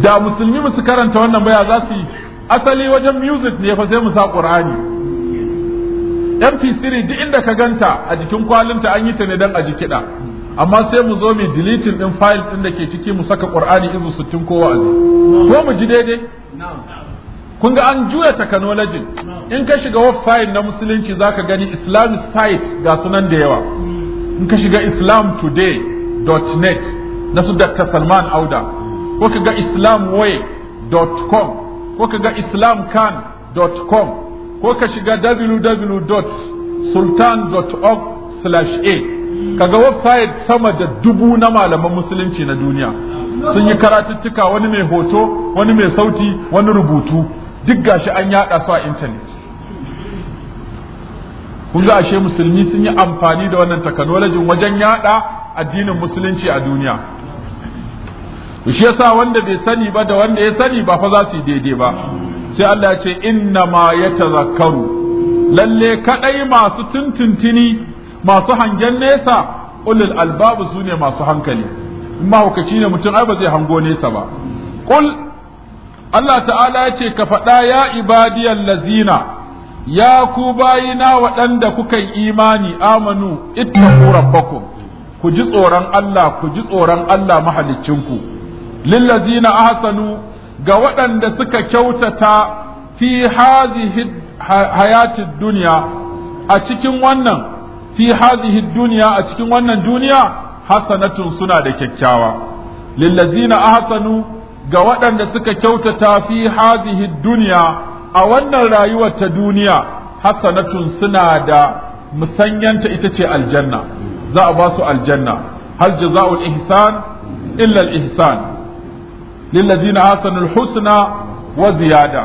da musulmi musu karanta wannan baya za su yi asali wajen music ne fa sai mu sa ƙur'ani mp3 duk inda ka ganta a jikin kwalinta an yi ta ne don a ji kiɗa amma sai mu zo mu dilitin din file din da ke ciki mu saka qur'ani izu sittin ko wa'azi ko mu ji daidai kun ga an juya technology in ka shiga website na musulunci zaka gani islamic site ga sunan da yawa in ka shiga islamtoday.net na su Dr. Salman Auda ko ka ga islamway.com ko ka ga islamcan.com ko ka shiga www.sultan.org/a kaga website sama da dubu na malaman musulunci na duniya sun yi karatuttuka wani mai hoto wani mai sauti wani rubutu duk gashi an yada su a intanet kun ga ashe musulmi sun yi amfani da wannan technology wajen yada addinin musulunci a duniya shi yasa wanda bai sani ba da wanda ya sani ba fa za su yi daidai ba sai Allah ya ce inna ma yatazakkaru lalle kadai masu tuntuntuni masu hangen nesa ulul albabu su ne masu hankali mahaukaci ne mutum ai ba zai hango nesa ba qul Allah ta'ala ya ce ka faɗa ya ibadiyal lazina ya ku bayina waɗanda kuka yi imani amanu ittaqu rabbakum ku ji tsoron Allah ku ji tsoron Allah mahaliccinku lillazina ahsanu ga waɗanda suka kyautata fi hazihi hayatid dunya a cikin wannan fi hadhihi dunya a cikin wannan duniya hasanatun suna da kyakkyawa lillazina ahsanu ga waɗanda suka kyautata fi hadhihi dunya a wannan rayuwar ta duniya hasanatun suna da musanyanta ita ce aljanna za a ba su aljanna hal jaza'ul ihsan illa al ihsan lillazina ahsanu husna wa ziyada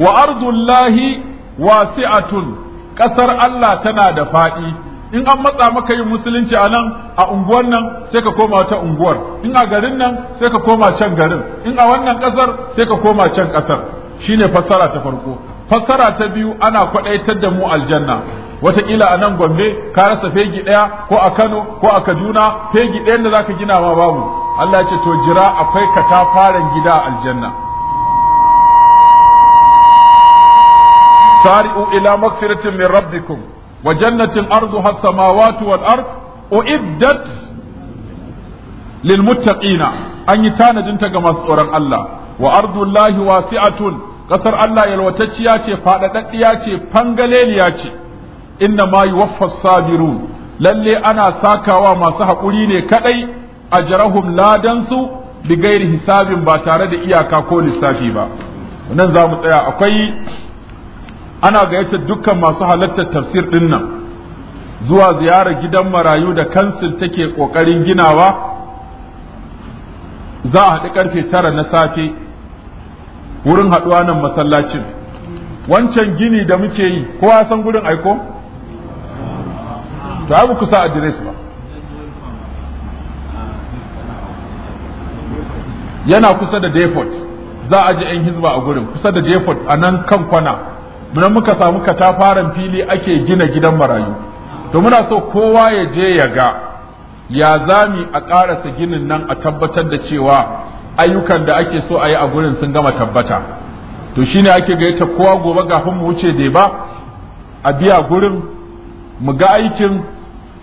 wa ardullahi wasi'atun ƙasar Allah tana da faɗi in an matsa maka yin musulunci a nan a unguwar nan sai ka koma ta unguwar in a garin nan sai ka koma can garin in a wannan ƙasar sai ka koma can ƙasar shine fassara ta farko fassara ta biyu ana kwaɗaitar da mu aljanna wataƙila a nan gombe ka rasa fegi ɗaya ko a kano ko a kaduna fegi ɗayan da zaka gina ma babu allah ya ce to jira akwai katafaren gida aljanna sari'u ila magfiratin min rabbikum wa jannatin arduha as-samawati wal ard uiddat lil muttaqina an yi tanadin ta ga masu tsoron Allah wa ardullahi wasi'atun kasar Allah yalwatacciya ce fadadaddiya ce fangaleliya ce inna ma yuwaffas sabirun lalle ana sakawa masu haƙuri ne kaɗai a jarahum ladansu bi gairi hisabin ba tare da iyaka ko lissafi ba nan za mu tsaya akwai ana gayyatar dukkan masu halartar tafsir ɗin nan zuwa ziyarar gidan marayu da kansil take ƙoƙarin ginawa za a haɗu ƙarfe tara na safe wurin haɗuwa nan masallacin wancan gini da muke yi kowa san gurin aiko to abu ku sa adires ba yana kusa da deport za a ji 'yan hizba a gurin kusa da deport a nan kan kwana don muka samu katafaren fili ake gina gidan marayu to muna so kowa ya je ya ga ya zami a ƙarasa ginin nan a tabbatar da cewa ayyukan da ake so a yi a gurin sun gama tabbata to shine ake gaita kowa gobe kafin mu wuce dai ba a biya gurin mu ga aikin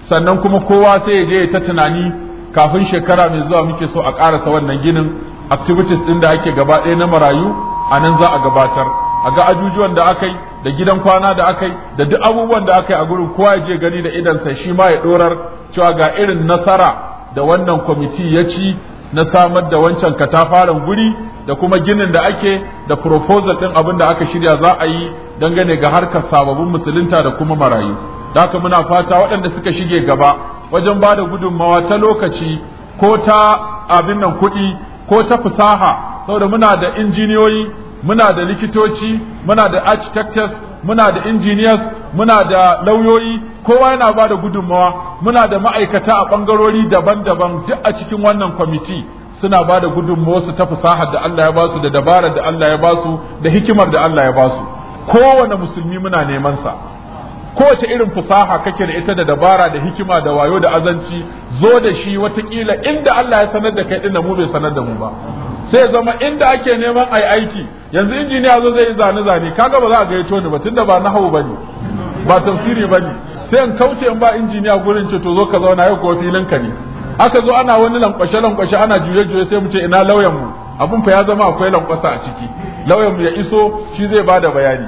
sannan kuma kowa sai ya je ta tunani kafin shekara mai zuwa muke so a ƙarasa wannan ginin activities ɗin da ake gaba ɗaya na marayu a nan za a gabatar a ga ajujuwan da aka yi da gidan kwana da aka yi da duk abubuwan da aka yi a gurin kowa ya je gani da idansa shi ma ya dorar cewa ga irin nasara da wannan kwamiti ya ci na samar da wancan katafaren guri da kuma ginin da ake da proposal din abin da aka shirya za a yi dangane ga harkar sababbin musulunta da kuma marayu da haka muna fata waɗanda suka shige gaba wajen ba da gudunmawa ta lokaci ko ta abin nan kuɗi ko ta fasaha saboda muna da injiniyoyi muna da likitoci muna da architects muna da engineers muna da lauyoyi kowa yana ba da gudunmawa muna da ma'aikata a ɓangarori daban-daban duk a cikin wannan kwamiti suna ba da su ta fasahar da Allah ya ba su da dabarar da Allah ya ba su da hikimar da Allah ya ba su kowane musulmi muna neman sa kowace irin fasaha kake da ita da dabara da hikima da wayo da azanci zo da shi watakila inda Allah ya sanar da kai din mu bai sanar da mu ba sai zama inda ake neman ai aiki yanzu injiniya zo zai zane zane kaga ba za a gayyato ni ba tunda ba nahawu bane ba tafsiri bane sai in kauce in ba injiniya gurin ce to zo ka zauna yau ko filin ka ne aka zo ana wani lankwashe lankwashe ana juye juye sai mu ce ina lauyan mu abun fa ya zama akwai lankwasa a ciki lauyan mu ya iso shi zai bada bayani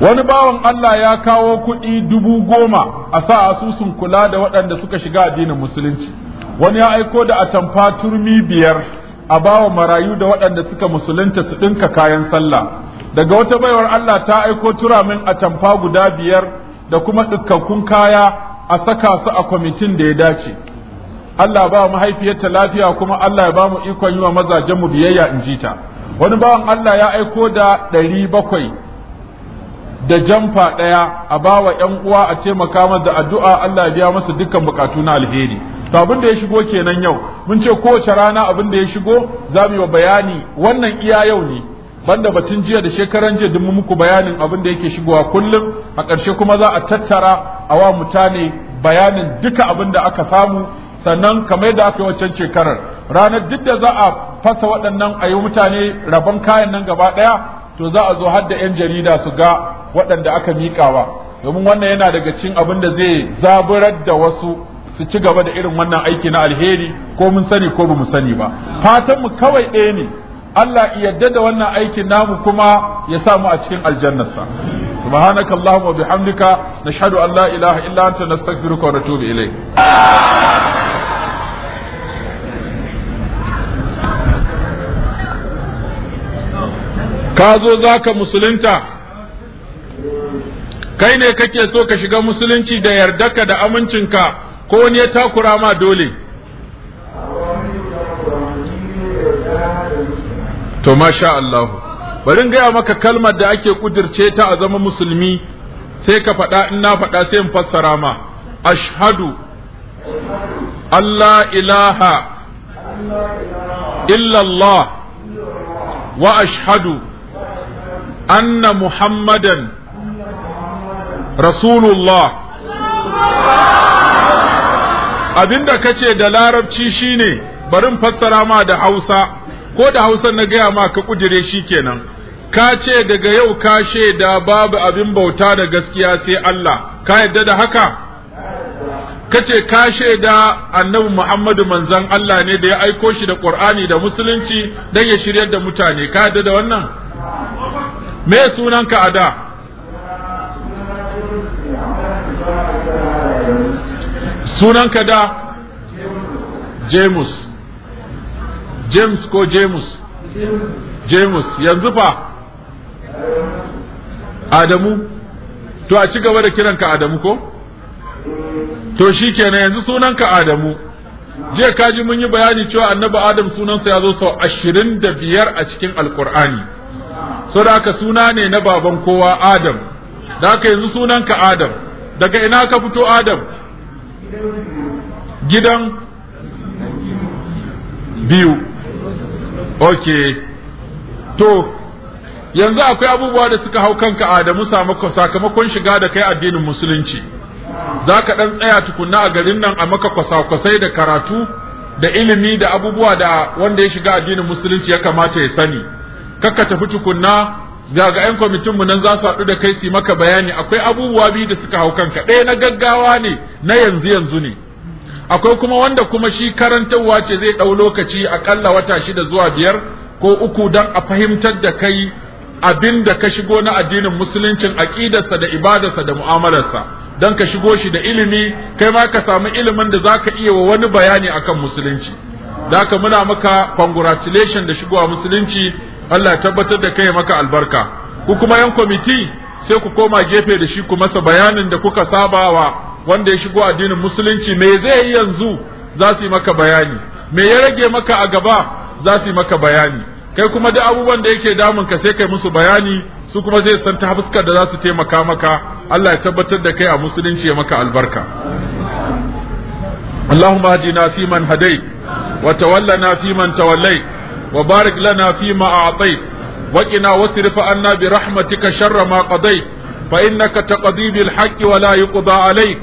wani bawan Allah ya kawo kuɗi dubu goma a sa asusun kula da waɗanda suka shiga addinin musulunci wani ya aiko da atamfa turmi biyar a bawa marayu da waɗanda suka musulunta su ɗinka kayan sallah daga wata baiwar Allah ta aiko turamin atamfa guda biyar da kuma dukkan kaya a saka su a kwamitin da ya dace Allah ba mahaifiyarta lafiya kuma Allah ya ba mu ikon yi wa mazajenmu biyayya in ji ta wani bawan Allah ya aiko da ɗari bakwai da jamfa ɗaya a bawa ‘yan uwa a taimaka da addu'a Allah ya biya masa dukkan bukatu na alheri to abin da ya shigo kenan yau mun ce kowace rana abin da ya shigo za mu yi bayani wannan iya yau ne banda batun jiya da shekaran jiya duk muku bayanin abin da yake shigowa kullum a ƙarshe kuma za a tattara a wa mutane bayanin duka abin da aka samu sannan kamar da aka yi wancan shekarar ranar duk da za a fasa waɗannan a yi mutane rabon kayan nan gaba ɗaya to za a zo har da 'yan jarida su ga waɗanda aka miƙawa domin wannan yana daga cikin abin da zai zaburar da wasu su ci gaba da irin wannan aiki na alheri ko mun sani ko bamu sani ba fatan mu kawai ɗaya ne Allah ya yarda da wannan aikin namu kuma ya sa mu a cikin aljannarsa subhanaka allahumma bihamdika nashhadu an la ilaha illa anta nastaghfiruka wa natubu ilayk ka zo zaka musulunta kai ne kake so ka shiga musulunci da yardaka da amincinka ko wani ya takura ma dole to masha Allah bari gaya maka kalmar da ake kudirce ta a zama musulmi sai ka faɗa in na faɗa sai in fassara ma ashhadu Allah ilaha illallah wa ashhadu anna muhammadan rasulullah abinda kace da larabci shine barin fassara ma da Hausa ko da Hausa na gaya ma ka kujire kenan, ka ce daga yau ka da babu abin bauta da gaskiya sai Allah ka yadda da haka kace ka da annabi Muhammadu manzon Allah ne da ya aiko shi da ƙur'ani da musulunci dan ya shiryar da mutane ka yadda da wannan me sunanka a da sunanka da James, james ko jamus James yanzu fa adamu to a ci gaba da kiranka adamu ko to shi kenan yanzu sunanka adamu jiya kaji mun yi bayani cewa annabi adam sunansa ya zo sau ashirin da biyar a cikin alkur'ani so da ka suna ne na baban kowa adam da ka yanzu sunanka adam daga ina ka fito adam gidan biyu ok to yanzu akwai abubuwa da suka hau kanka adamu sakamakon shiga da kai addinin musulunci za ka ɗan tsaya tukunna a garin nan a maka kwasa-kwasai da karatu da ilimi da abubuwa da wanda ya shiga addinin musulunci ya kamata ya sani kakka tafi tukunna ga ga 'yan kwamitinmu nan za su haɗu da kai su maka bayani akwai abubuwa biyu da suka hau kanka ɗaya na gaggawa ne na yanzu yanzu ne akwai kuma wanda kuma shi karantarwa ce zai ɗau lokaci aƙalla wata shida zuwa biyar ko uku don a fahimtar da kai abin da ka shigo na addinin musuluncin aƙidarsa da ibadarsa da mu'amalarsa don ka shigo shi da ilimi kai ma ka samu ilimin da za ka iya wa wani bayani akan musulunci da muna maka congratulation da shigowa musulunci Allah ya tabbatar da kai maka albarka ku kuma yan kwamiti sai ku koma gefe da shi ku masa bayanin da kuka saba wa wanda ya shigo addinin musulunci me zai yi yanzu za su yi maka bayani me ya rage maka a gaba za su yi maka bayani kai kuma da abubuwan da yake damun ka sai kai musu bayani su kuma zai san ta fuskar da za su taimaka maka Allah ya tabbatar da kai a musulunci ya maka albarka اللهم اهدنا فيمن هديت وتولنا فيمن توليت وبارك لنا فيما أعطيت وقنا واصرف عنا برحمتك شر ما قضيت فإنك تقضي بالحق ولا يقضى عليك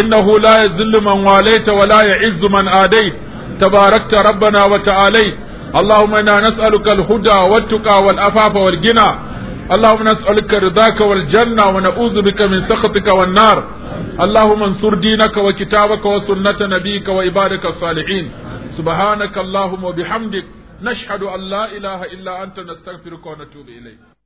إنه لا يذل من واليت ولا يعز من آديت تباركت ربنا وتعاليت اللهم إنا نسألك الهدى والتقى والأفاف والغنى اللهم نسألك رضاك والجنة ونعوذ بك من سخطك والنار اللهم انصر دينك وكتابك وسنة نبيك وعبادك الصالحين سبحانك اللهم وبحمدك نشهد أن لا إله إلا أنت نستغفرك ونتوب إليك